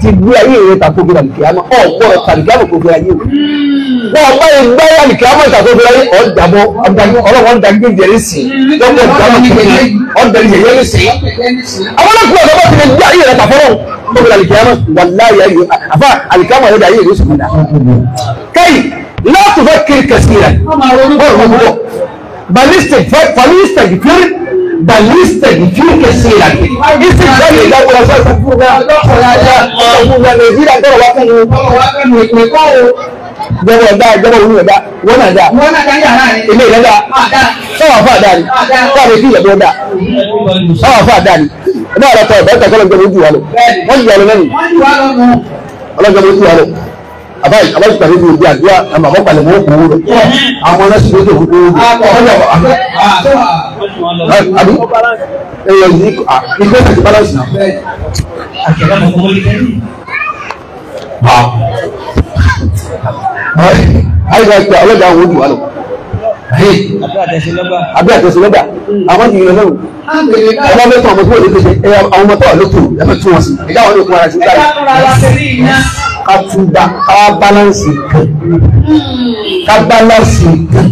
láti gbé ayé rẹ tako gbé àlìkìyàmọ ọ gbọdọ àlìkìyàmọ kò gbé ayé o wọn ọgbà yẹn gbá àlìkìyàmọ tako gbé ayé ọdàbọ ọlọpàá ọdàgbé jẹrẹ sí lọpọ ìdáwọ kékeré ọdàgbé jẹrẹ sí. àwọn ọlọpàá ọlọpàá ti lè gbé ayé rẹ tako gbé àlìkìyàmọ wàláyé ayé àfa àlìkìyàmọ yóò dé ayé rẹ sùn dà. kẹ́yì látùfẹ́ kiri kẹsì rẹ̀ bọ́ọ̀lù ballistic fẹ́ ballistic fẹ́rẹ́ بل يستغفر كثيرا استغفار الله ورسوله gbogbo nàìjíríà gbọ́dọ̀ wá fún mi gbọ́dọ̀ ọ̀dá ìjọba òun ọ̀dá wọn náà dá ilé ìlẹ́ dá sọ́wọ́ àfọ́ àdá ni sọ́wọ́ èkì ìyàbọ̀ dá sọ́wọ́ àfọ́ àdá ni ẹ̀dá ọ̀dọ́ tọ̀ ọ̀dọ́ tọ̀ kọ́lọ̀ ìjọba ojú wa lọ wọ́n ti yà lọ lẹ́nu ọlọ́jọba ojú wa lọ àbáyé pàdé ní òbí àdúrà àmọ́ àwọn pàdé mọ́ òkú rẹ̀ àwọn ọlọ́sìn ló dé òkú rẹ̀ àbí ẹ̀yọ yìí ìgbẹ́ àti balance náà. ayé ká pé ọlọ́dà àwọn ojú wa lọ. àbí àtẹ̀sílọ́gbà àwọn ti yìnbọn lọ́rùn. ọmọ mẹ́fà ọmọ tó wà lókè ṣe àwọn ọmọ tó wà lókè ẹ̀fẹ̀ tún wọn sí ẹ̀dá wọn lókun ara ti ń dára ká túba ká wá bálánsì kan ká bálánsì kan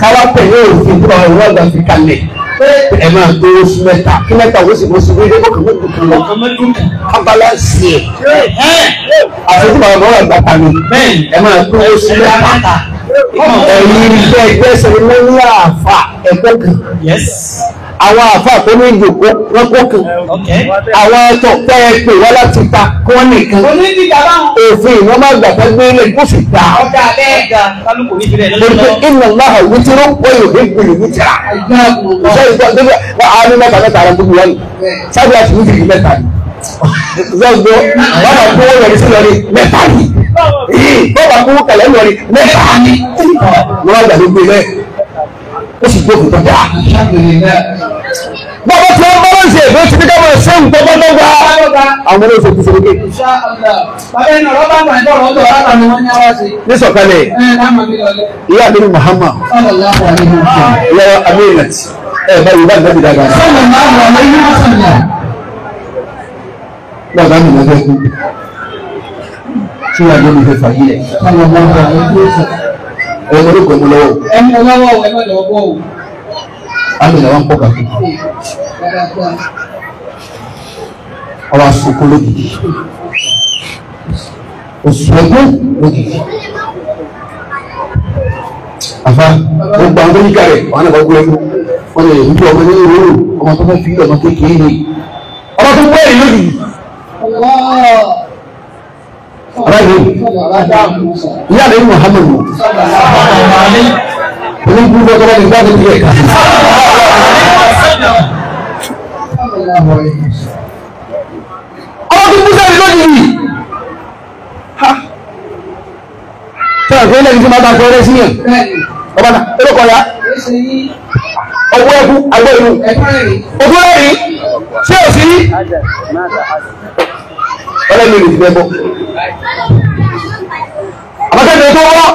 ká wá pẹ̀lú òfin tó ọ̀rọ̀ ìwé ọ̀gá fi kalẹ̀ ẹ máa gbé oṣù mẹ́ta kí mẹ́ta oṣù oṣù méje kọkàn mẹ́ta kan lọ ká bálánsì ẹ àfẹ́tí bàbá wọn àgbà kan ni ẹ máa gbé oṣù mẹ́ta ẹ̀yin ìgbẹ́ ìgbẹ́ sẹ́yìn lẹ́yìn àfà ẹ̀gbẹ́ kan àwọn àfa tó ní ìjòkó wọn kó kan àwọn ẹtọ tẹ ẹ pè wọn láti ta kí wọn nìkan òfin ìwọ́n bá gbà fẹ́ gbé lè kó sì ta. mo ní iná láhà wítírú wọ́n yóò dé gbòòlù wítírà. ṣé ìgbà débi wọ́n á ní mẹ́ta mẹ́ta ara gbogbo wọn sábẹ́ àti wítírì mẹ́ta ni. zọ́gbọ́ bàbá kó wọ́n yọrí sí lọ́rí mẹ́ta ni bàbá kó wọ́n kàlẹ́ lọ́rí mẹ́ta ni. wọ́n á gbà ó sì gbóògùn tó dáa. Bàbá tí wọ́n bá wọ́n ṣe èdè títí káwọn ṣé ń gbọ́ gbọ́gbọ́ gbá. Àwọn olóyè ṣe ti ṣe lókè. Bàbá ẹni ọ̀rọ̀ bá wà ní ọ̀rọ̀ ọ̀dọ̀ ọ̀rọ̀ ni wọ́n ní ọwọ́ sí. Ní sọ̀kalẹ̀. Ìyá Abinu Muhammad. Ìyá Aminat. Ẹ bá Yorùbá ní Dábì dáadáa. Bàbá mi lọ bẹ́ẹ̀ kú. Ṣé wàá gbé mi fẹ́ fàyè rẹ̀? ẹ̀rọ mo lóko ẹ̀mú lọ́wọ́. ẹ̀mú lọ́wọ́ o ẹ̀mú lọ́wọ́ o. àmì làwọn pọ̀ kàkí. ọwọ́ asokó lójijì O ẹgbẹ́ lójijì. àfa gbogbo àwọn tó yíká rẹ̀ wọn náà bá gbé ẹnu wọn lè ní ọmọ ní ìwé o ọmọ tó fẹ́ fi ọmọ kékeré ni ọmọ tó gbé ẹ̀ lójijì. aláìní ní àlẹ́ muhammadu olú kú bọ́ tọ́lá ní gbàgbé tiẹ̀ ká. ọlọ́dún musa ni lónìí tẹ́lẹ̀ fún ẹlẹ́ni máa bá fẹ́rẹ́ sí yẹn ọba náà olókọ̀ ya ọwọ́ ẹkú agbó inú ọdún ẹ̀rí ṣé òsì ọlọ́dún ìlú ti fẹ́ bọ́ àbájáde tó wọ́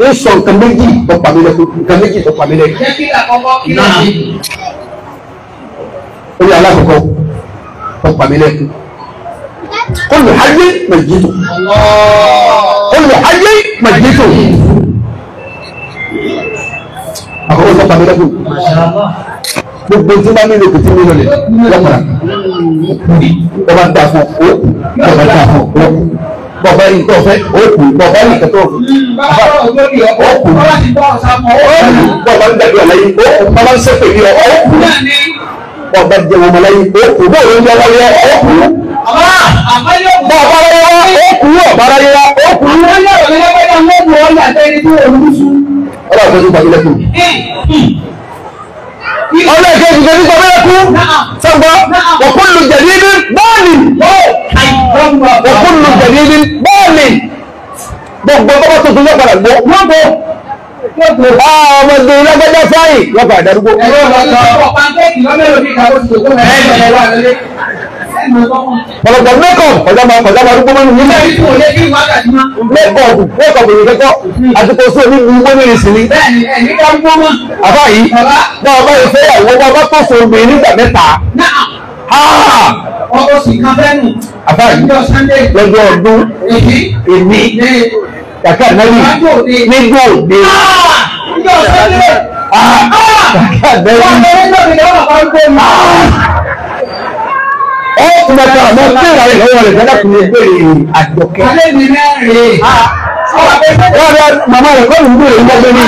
ń sọ nǹkan méjì tó pàmílẹ̀ nǹkan méjì tó pàmílẹ̀. orí alákọ̀ọ́kọ́ tó pàmílẹ̀ kọlu ayé mẹjito kọlu ayé mẹjito àkọ́kọ́ tó pàmílẹ̀ kù gbogbo tí wọn nílò kìtì nílò lẹ lọkùnrin ọba ń ta fún ọ ọba ń ta fún bọ̀bá yìí tó fẹ́ ó kù bọ̀bá yìí kẹtọ́ ó kù bọ̀bá yìí gbàgbé ọ̀la yìí ó kù bọ̀bá ń sẹ́pẹ̀ yìí ó kù bọ̀bá jẹ wọn ọ̀la yìí ó kù bọ̀bá ń yọ̀la yẹ ó kù bọ̀bá yẹ wa ó kù ọ̀bá yẹ wa ó kù. ọlọ́run tó ti gbàgbé lẹ́kùn ọlọ́ọ̀kejì kejì sọ bẹ́ẹ̀ kú sọ̀gbọ́ òkúlù jẹ̀dídín bọ́ọ̀lì òkúlù jẹ̀dídín bọ́ọ̀lì gbogbo bọ́bọ́ tuntun yóò padà gbó gbogbo ọmọdé lágbájá sáyìn yóò padà darúgbó. ẹ̀rọ ọ̀pá pọ̀lọpọ̀ mẹ́kọ̀p ọ̀dà máa kọ̀dà máa dúpọ̀ mẹ́nu nílẹ̀ mẹ́kọ̀p mẹ́kọ̀p òní sí omi ní wọ́n sí ni. àbá yìí bá ọba yìí fẹ́ àwọn ọba bá tọ̀sọ̀ obìnrin nígbà mẹ́ta. ọkọ̀ sì kan fẹ́nu. àbá yìí lọ́jọ́ ọdún èmi kàkà náà nígbà òde kàkà náà ó kúmọ̀ tó àmọ́ kéèrà rẹ̀ lọ́wọ́ rẹ̀ fẹ́lá kùnú ìgbèrè àjọkẹ́. Yàrá màmá rẹ̀ kọ́ni ìgbèrè ń gbàgbé mi.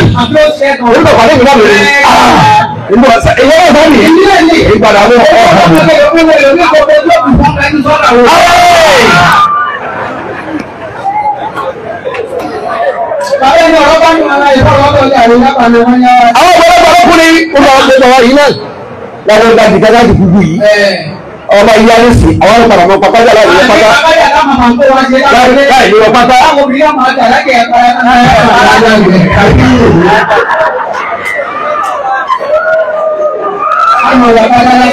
Orúkọ pàdé mi lábẹ̀rẹ̀. Ìyá náà bá mi. Ìgbàdà ló ọ̀ hàn mí. Àwọn ọ̀pọ̀lọpọ̀ ọkùnrin olùwàwọ̀ yìí náà làwọn ọ̀gá jìgá láti gbogbo yìí ọmọ ìyá ní sí àwọn ọmọ ìpàdánù pàpà jà láì lọ pátá láì lọ pátá. Amadala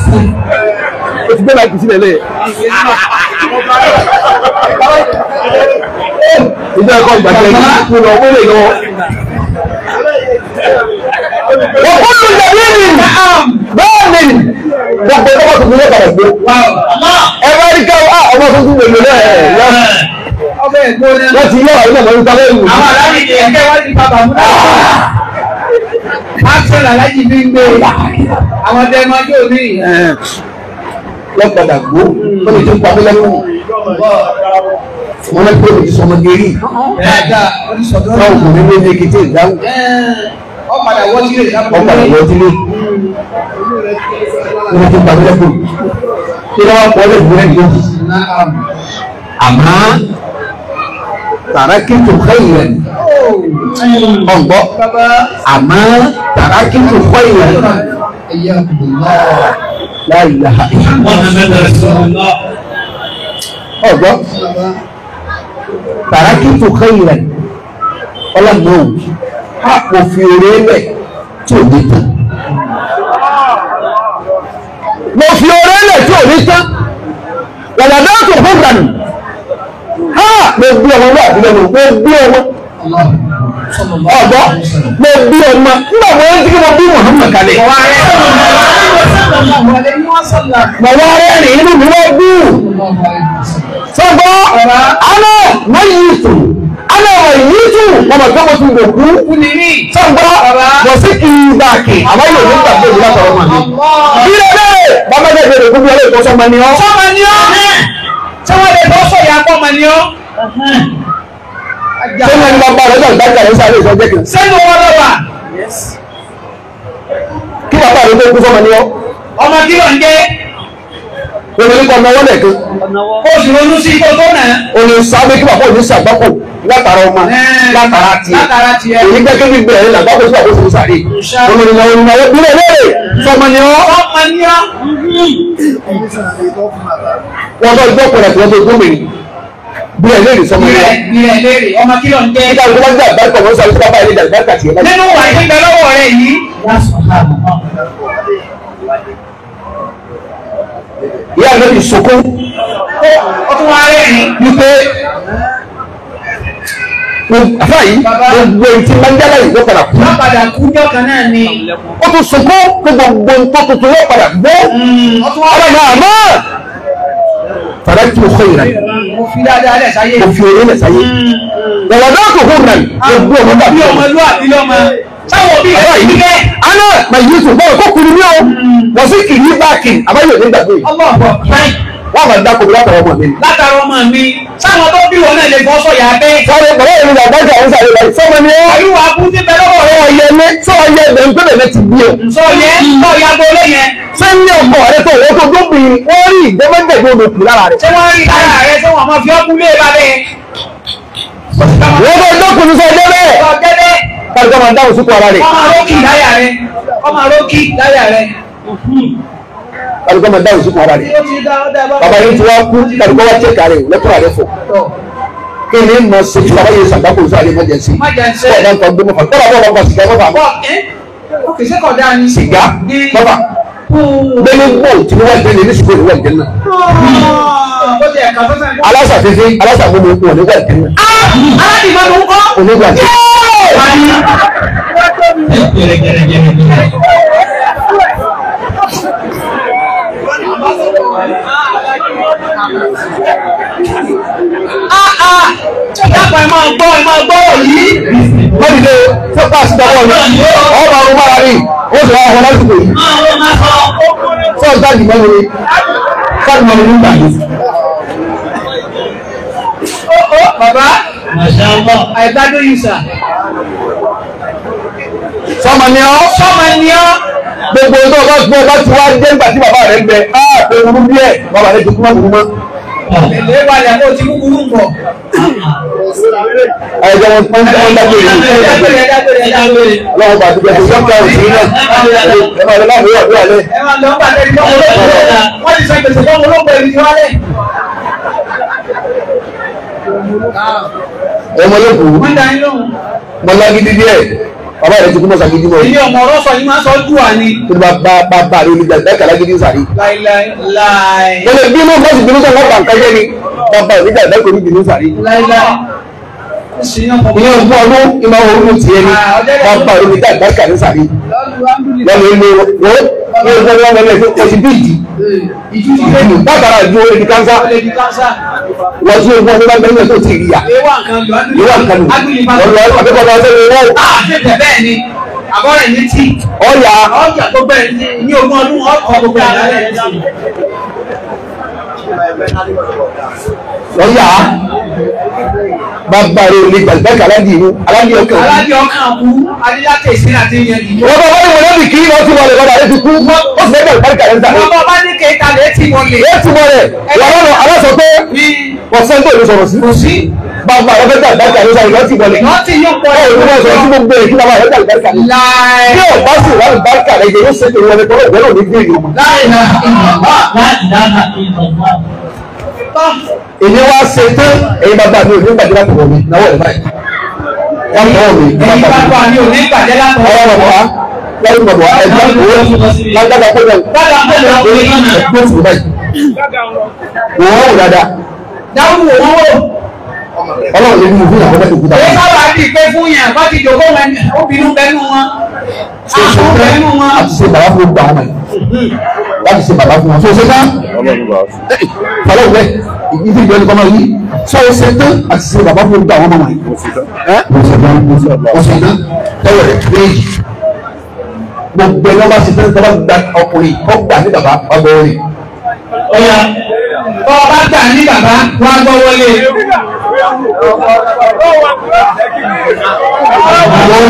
sí. O ti gbé báyìí kìí sílẹ̀ lẹ́yìn ìjọ ẹ̀kọ́ ìgbàgbẹ́ yìí kú lọ wọlé lọ. Òkúlù jẹ̀bíìnì bẹ́ẹ̀ni gbogbo ọmọ tuntun ló bàrẹ̀ gbó. Ẹ bá rí ká ah, ọmọ tuntun lè lò lẹ́ẹ̀ wọ́n ti yọ àwọn ọmọ lẹ́yìn Àwọn aláàbí ni ẹgbẹ́ wá ní bàbá mú náà. Axel Alájí mi ń gbé àwọn ọdẹ ẹnu ọjọ́ mi lọ́padà gbó wọ́n lè ti pa mí lẹ́kùn. wọ́n lè pé òun ti sọmọ gẹ̀rí. báwo kò ní lé ní èkìtì ìdáhùn. ọ̀padà wọ́tílé. ọ̀padà wọ́tílé. wọ́n lè ti pa mí lẹ́kùn. kí ló wá pọ̀ lẹ́kùn rẹ̀ yóò. àmọ́ tàràkìtù kẹ́yìn ọ̀gbọ́ àmọ́ tàràkìtù kẹ́yìn láìlà ọgbọ́ tàràkìtù kẹyìnrẹ ọlọ́gbọ́n àpò fi oore lẹ̀ tí ò ní tán mo fi oore lẹ̀ tí ò ní tán wàlàdà tó fún ìgbàlù ha mo gbé ọmọ wà fún ọmọ ọgbọ mo bí ọmọ nígbà mo rántí kí mo bí Muhammad kalẹ̀. bàbá rẹ ni inú mi wọ́n bú sọgbọ́ ana mayitu ana mayitu wọn bá gbọ́dọ̀ tún bò kú sọgbọ́ wọ́n sì kì í bá kì àbá yóò ní gbàgbé ìlú látọ̀rọ̀ wọn ni. bílẹ̀ bẹ́ẹ̀ bàbá jẹ́ ìbéèrè gbogbo ẹlẹ́gbẹ̀ẹ́ sọmọ ni ọ́. sọmọ ni ọ́ sọmọ lè bọ́ sọ̀yà pọ̀ mọ́ ni ọ́ sẹ́nu ẹni máa bá rẹ̀ náà dájà lẹ́sẹ̀ àlẹ́ ìsọjẹ́ kan. sẹ́nu wọn lọ wà. kí bàbá rẹ̀ tó kú fọmọ ni ọ́. ọmọ kí ló ń jẹ́. Olè ní kọ́ náwó lẹ́ẹ̀kan. Oṣù ronú sí ipò tó nà. Olè sábẹ́ kí bàbá òní sàgbákò látara ọmọ látara tiẹ̀. Èyí gbẹ́kẹ́ bí bẹ̀rẹ̀ làgbákò tí bàbá òní sàrí. Olè ní náwó náwó bílẹ̀ léèrè sọmọ ni ọ́. Sọmọ ni ọ́. Wọ́n tó gbọ́ pẹ̀lẹ́ pẹ̀lẹ́ tó gbọ́ mèrè bí ẹ léèrè sọmọ yẹn. bí ẹ léèrè ọmọ kí ló ń jẹ́. nígbà tó bá ń gbà bárúkà wọn sọ bá báyìí dàgbà bárúkà tiẹ̀ láti. nínú wà nígbà lọ́wọ́ rẹ yìí. ìyá rẹ ti sọkó. ó tún wá rẹ̀ ni. wípé àfa yìí gbogbo ìtì mandala yìí ló padà kú. wọ́n padà kú jọ́ kan náà ni. ó tún sọkó gbogbo nǹkan tuntun ló padà gbó. Hmm, ọlọ́run àmọ́. fàdájú kò yìí fi dáadáa lẹ̀ sáyé. kò fi òye lẹ̀ sáyé. ìwọ̀n hmm. náà kò hó rẹ̀ ah, gbogbo ọmọ bàbá. bí ọmọlúwàbí lọ́mọ sáwọn òbí rẹ̀ ti lẹ̀. aná màyí sùn bọ́ọ̀ kó kuru ní o hmm. wọ́n sì kì í báàkì àbáyọ̀ nígbàgbé. ọlọ́ọ̀bọ̀ báyìí wọ́n máa dáko látara ọmọ mi. látara ọmọ mi sáwọn tó bí wọn náà lè bọ́ sọ̀yà bẹ́ẹ̀. sáré bàbá yẹn ní bàbá jà ń sáré báyìí sọmọ ni ó. àyùwà kú ti bẹ lọ́wọ́ rẹ. sọ̀yẹ ní sọ̀yẹ ẹ̀dẹ̀ ń pẹ̀lẹ̀ mẹ́tì bí o. sọ̀yẹ sọ̀yà gbọ́lé yẹn. sẹ́yìn ọkọ rẹ tó wọ́n tó dóbìn wọ́n rí ìdẹ́gbẹ́gbẹ́ olókù lára rẹ̀. ṣé wọ́n rí lára rẹ̀ ṣé wọ́n máa fi ọkùnrin lé babẹ́ wọ́n bá dọ́kùnrin sọ dẹ́rẹ́ pàdé kọ́ máa dáhùn sípò ara rẹ̀. ọmọ arókì láyà rẹ̀ ọmọ arókì láyà rẹ̀ kálukọ́ máa dáhùn sókun ara rẹ̀ bàbá yìí ti wá kú kálukọ́ wá tẹ̀ka rẹ̀ lẹ́kọ̀ọ́ rẹ̀ fọ̀ kí ni mọ̀ ṣe tí bàbá yìí sàgbà kò sọ àlẹ́ emergency ọ̀dà nǹkan gbé mọ́fà kọ́lá bọ́ọ̀lù ọkọ̀ sìgá mọ́fà sìgá mọ́fà gbẹ́lẹ́ gbọ́ tí wọ́n gbẹ́lẹ́ ní sùkúrù wọ́n gbẹ́lẹ́ náà alásà fífi alásà gbogbo ikú òní wọ́n gbẹ́lẹ́ náà ah, òní wọ́n gbẹ́lẹ́ náà dápọ̀ ẹ máa gbọ́ ẹ máa gbọ́ yìí. lórí ilé sẹ́pà sídáwọ̀ yìí ọ̀hún máa ń wára rí ó sì wá ọ̀hún lásìkò yìí. sọ́ọ̀sì dájú mọ́ni ni sáàdì mọ́ni ní ìgbà yìí. bàbá àìdájọ́ yìí sà. sọ́mọ ni ọ́. sọ́mọ ni ọ́ gbogbo tó bá gbọ́ bá ti wá dé nígbà tí bàbá rẹ̀ ń ààbẹ̀ wúrú bí ẹ̀ bàbá rẹ̀ ti kú mọ́tò mọ́. Èlé balẹ̀ àbò ti kúkú ń bọ̀. Ẹ̀jẹ̀ wọn pọ́n pọ́n dágbére yìí. Ọlọ́run bá dùgbẹ́ tó dọ́kítà òsì náà. Ẹ máa lọ láàbù yọ̀dú alẹ́. Ẹ máa lọ bá tẹ̀lé ọmọ olóògbé náà. Wọ́n ti sọ gbèsè fún ọmọ olóògbé mi wálẹ̀. Ọmọ olóògbé. Wọ́n dá inú. Mọ̀lágídí díẹ̀ bàbá rẹ ti kú mọ́sá gidi mọ́. ilé ọmọ ọ̀rọ̀ sọ yìí máa sọ dùwà ni. kí ló bá bá bá bá rí olùgbà ìgbà ìkàlá gidi sàrí. láìláì. wọ́n lè bínú mọ́sí bínú sọ wọ́n bà nǹkan jẹ́ ni bàbá ìgbà ìgbà ìkàlá gidi sàrí. láìláì. ilé ọgbọ́n ọdún ìmọ̀ orúkú tiẹ̀ ni ah, bàbá ìgbà ìgbà ìkàlá sàrí. lọ́nà ìlú wo ní ọjọ́ ìwọ́n lẹ́lẹ̀ oṣù bí ìdí ìdí bàtàrà ju olè di kánsá wọ́n tún ìwọ́n tó bá gbẹ́yìn ẹ̀ tó ti rí ya ìwọ́n kan nù ọ̀rọ̀ akẹ́kọ̀ọ́ bá sẹ́yìn wọ́n. àbọ̀rẹ̀ ní tí ọ̀yà ọ̀yà tó bẹ̀rẹ̀ ní ogún ọdún ọkọ̀ gbogbo ẹ̀ lọ́yà bàbá rẹ ò lè gbàgbẹ́kẹ̀ aládì inú aládì ọkàn bú. aládì ọkàn bú adíyàtẹ̀ ìsìn àti ìyẹn nìyí. wọ́n bá wọ́n wọ́n bí kí wọ́n ti wọlé wọ́n àlẹ́ ti kú ó sì lẹ́gbẹ̀ẹ́ àlùbáríkà rẹ̀ ń sáré. wọ́n bá ní kéta lè ti wọlé. lè ti wọlé wọ́n lọ́nà aláṣọ pé wọ́n sọ pé èmi sọ̀rọ̀ sí. kò sí. bàbá rẹ fẹ́ gbàgbẹ́kẹ̀ alẹ́ sáré lọ́ọ́ ti wọlé. lọ́ọ́ ti yóò pọ̀ ẹ̀ ló sọ̀rọ̀ sí gbogbo èyí bàbá rẹ gbàgbẹ́kẹ̀ alẹ́. láì. bí o bá sì wà àlùbáríkà rẹ yóò ṣe èyí wọlé kọ́lọ́ ìwọ́lọ́ ní gbé yòó. láì náà ìmọ̀ èmi wá ṣe tán ẹ̀yin bàbá mi ò ní gbàdúrà kò wọ̀ mi náwó ẹ̀ báyìí. wọ́n tọ́ mi. ẹ̀yin bàbá mi ò ní gbàdúrà kò wọ̀ mi. wọ́n tọ́ mi ẹ̀jẹ̀ kúrò lágbàdà kó lọ. dáadáa kó lọ kó lọ kó lọ báyìí. wò wọ́n wò dáadáa. dáhùn wò wọ́n wò. ọlọ́run lè mú fún yàrá bẹ́ẹ̀ tó kú dáadáa. èyí sábà ń dì pé fún yàn bá ti dògbò wọn obìnrin bẹ́ẹ̀ nù wọn. àkùnrin bẹ́ẹ̀ nù wọn. àti ṣe bàbá fún gbàmọ̀ yìí. Hmm láti ṣe bàbá fún wọn tó ṣe tán fọlọ́ ìwé ìdí ìjọ ni kọ́mọ yìí tó ṣe tán àti ṣe bàbá fún gbà wọn mọ̀ wọ̀nyí. ọ̀sẹ̀ tán tẹ́wọ̀ rẹ̀ méjì gbogbo ẹni wọn bá ṣe tán tọ́ba gba ọkùnrin kọ́ gbà ní bàbá ọgbà orin. ọ̀yà tọ́ ọba gbà ní bàbá wọn á gbọ́ wọlé.